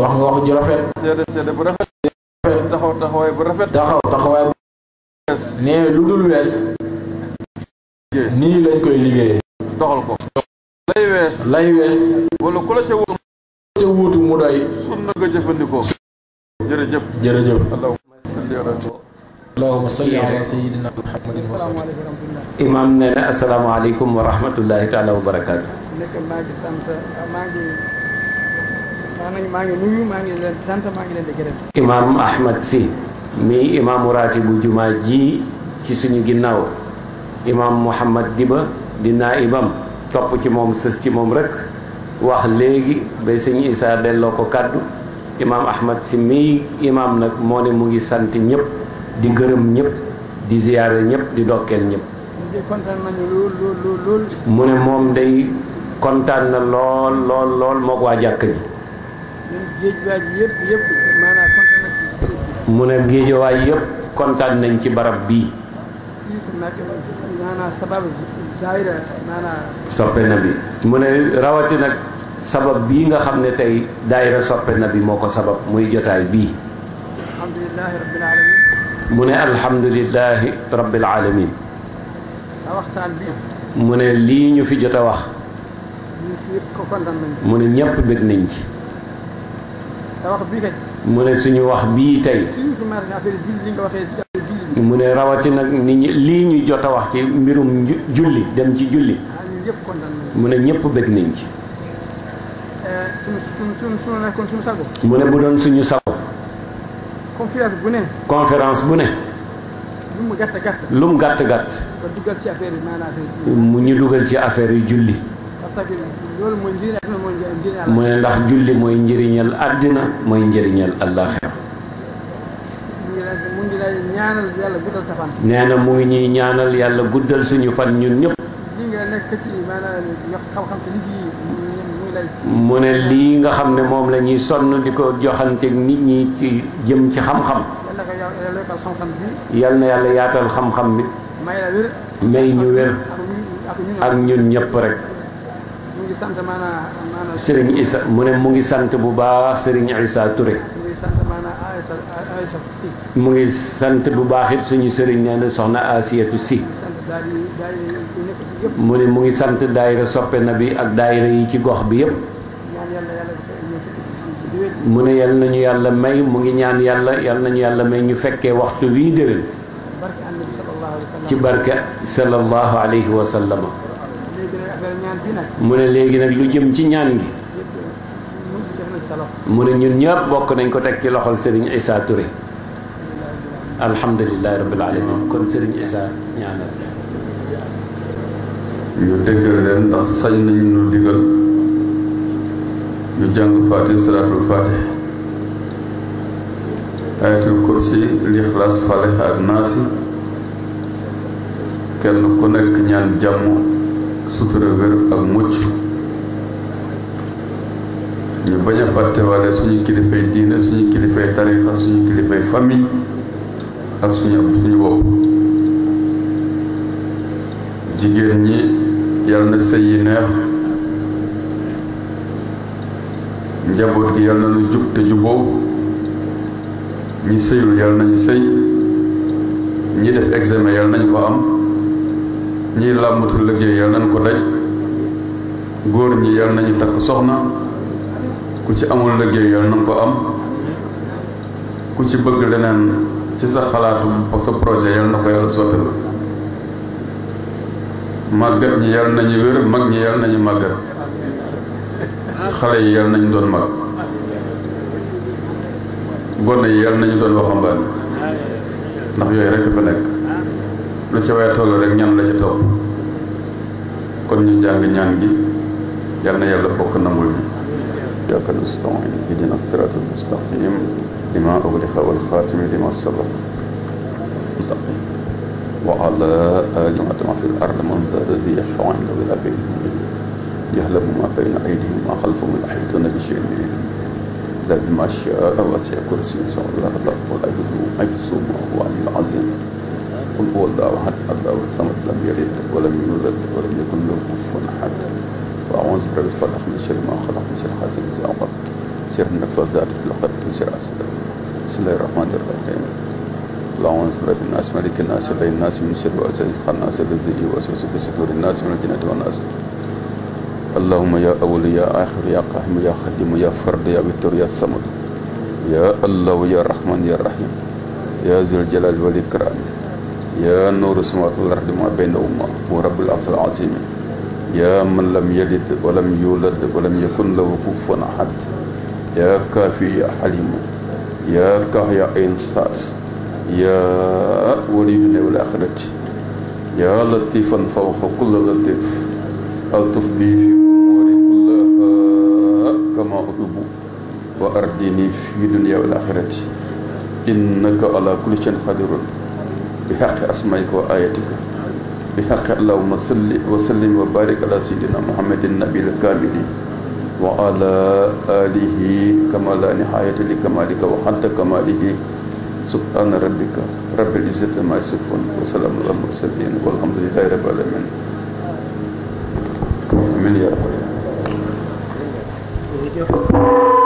wax nga wax ju rafet seede seede bu taxaw taxawaay bu rafet taxaw lu dul wees nii lañ koy liggéey doxal lay wees wala ku la ca wuutu mu doy sunna nga jëfandikoo jërëjëf imam Nana Assalamualaikum warahmatullahi alaykum ta'ala imam ahmad si mi Imam raatibu bujumaji ci suñu muhammad diba di naibam topp ci moom sës ci moom rek wax léegi ko imam ahmad si mi imam nak moo ne mu ngi sant ñëpp di gërëm ñëpp di ziyaare ñëpp di dokkeel ñëpp mu ne moom day kontaan na lool lool lool moo ko waa jàkk ji mu ne géejawaay yëpp kontaan nañ ci barab bii soppe na bi mu ne rawati nag sabab bii nga xam ne tey daayira soppe na bi moo ko sabab muy jotaay bii mu ne alhamdulilahi rabbil alamin mu ne lii ñu fi jot a wax mu ne ñépp bëgg nañ ci mu ne suñu wax bii tey mu ne rawati nag lii ñu jot a wax ci mbirum julli dem ci julli mu ne ñépp bëgg nañ ci mu ne bu doon suñu sago conférence bu ne conférence bu ne lum gàtt gàtt lum gàtt gàtt mu ñu dugal ci affaire yi julli mu ne ndax julli mooy njëriñal àddina mooy njëriñal àllaaxira nee na mu ngi ñuy ñaanal yàlla guddal suñu fan ñun ñëpp mu ne lii nga xam ne moom lañuy sonn di ko joxanteeg nit ñi ci jëm ci xam-xam. yal na yàlla yaatal xam-xam bi. may ñu wér. ak ñun ñëpp rek. Serigne Issa mu ne mu ngi sant bu baax Serigne Issa Touré. mu ngi sant bu baax suñu Serigne nee soxna Asiyatu Si. mu ne mu ngi sant daayira soppe na bi ak daayira yi ci gox bi yépp mu ne yal nañu yàlla may mu ngi ñaan yàlla yal nañu yàlla may ñu fekkee waxtu wii déwén ci barke sallallahu alayhi wa mu ne léegi nag lu jëm ci ñaan gi mu ne ñun ñëpp bokk nañ ko teg ci loxol Serigne Issa Touré alhamdulillahi rabbil alamin kon Serigne Issa ñaanal ñu déggal leen ndax sañ nañ digal ñu jàng faatih salaatul faatih ayatul kursi lixlaas falix ak naasi kenn ku nekk ñaan jàmm sutura wér ak mucc ñu baña a suñu kilifay diine suñu kilifay tarixa suñu kilifay famille ak suñu suñu bopp jigéen ñi yal na sëy yi neex njaboot gi yal na nu jub te juboo ñi sëyul yal nañu sëy ñi def examen yal nañu ko am ñi làmbatu liggéey yal nañu ko daj góor ñi yal nañu takk soxna ku ci amul liggéey yal nañu ko am ku ci bëgg leneen ci sa xalaatu sa projet yal ko yàlla sottal màggat ñi yàlla nañu wér mag ñi yàlla nañu màggat xale yi yal nañu doon mag gone yi yàlla nañu doon waxambaane ndax yooyu rekk fa nekk lu ca waaye toll rek ñaan la ca topp kon ñu njàng ñaan gi yàlla na yàlla bokk nangul ñu yaakaar nastain ihdina siraat almustaqim lima ugliqa walxaatimi lima sabaq وعلى آل عدم في الأرض من ذا الذي يشفع عنده إلا بإذنه يهلب ما بين أيديهم وما خلفهم ولا يحيطون بشيء من علمه إلا بما شاء وسع كرسي سواء الأرض ولا يحيطه ما هو عن العظيم قل هو الله أحد الله الصمد لم يلد ولم يولد ولم يكن له كفوا أحد وأعوذ برب الفلق من شر ما خلق من شر حاسد إذا وقت شر النفاذات في العقد من شر أسد بسم الله الرحمن الرحيم اللهم اصبر الناس ملك الناس اله الناس من شر واسد الناس الذي يوسوس في صدور الناس من الجنة والناس اللهم يا أولي يا اخر يا قهم يا خدم يا فرد يا بتر يا صمد يا الله يا رحمن يا رحيم يا ذو الجلال والاكرام يا نور السماوات والارض ما أمة ورب الأرض العظيم يا من لم يلد ولم يولد ولم يكن له كفوا احد يا كافي يا حليم يا كهيا يا إنساس ya wali dunia wal akhirati ya latifan fawqa kulla latif altuf bi fi umuri kullaha kama uhibbu wa ardini fi dunya wal akhirati innaka ala kulli shay'in qadirun بحق أسمائك وآياتك بحق اللهم صل وسلم وبارك على سيدنا محمد النبي الكامل وعلى آله كما لا نهاية لكمالك وحد كماله سبحان ربك رب العزة ما يصفون وسلام على المرسلين والحمد لله رب العالمين آمين يا رب Thank you.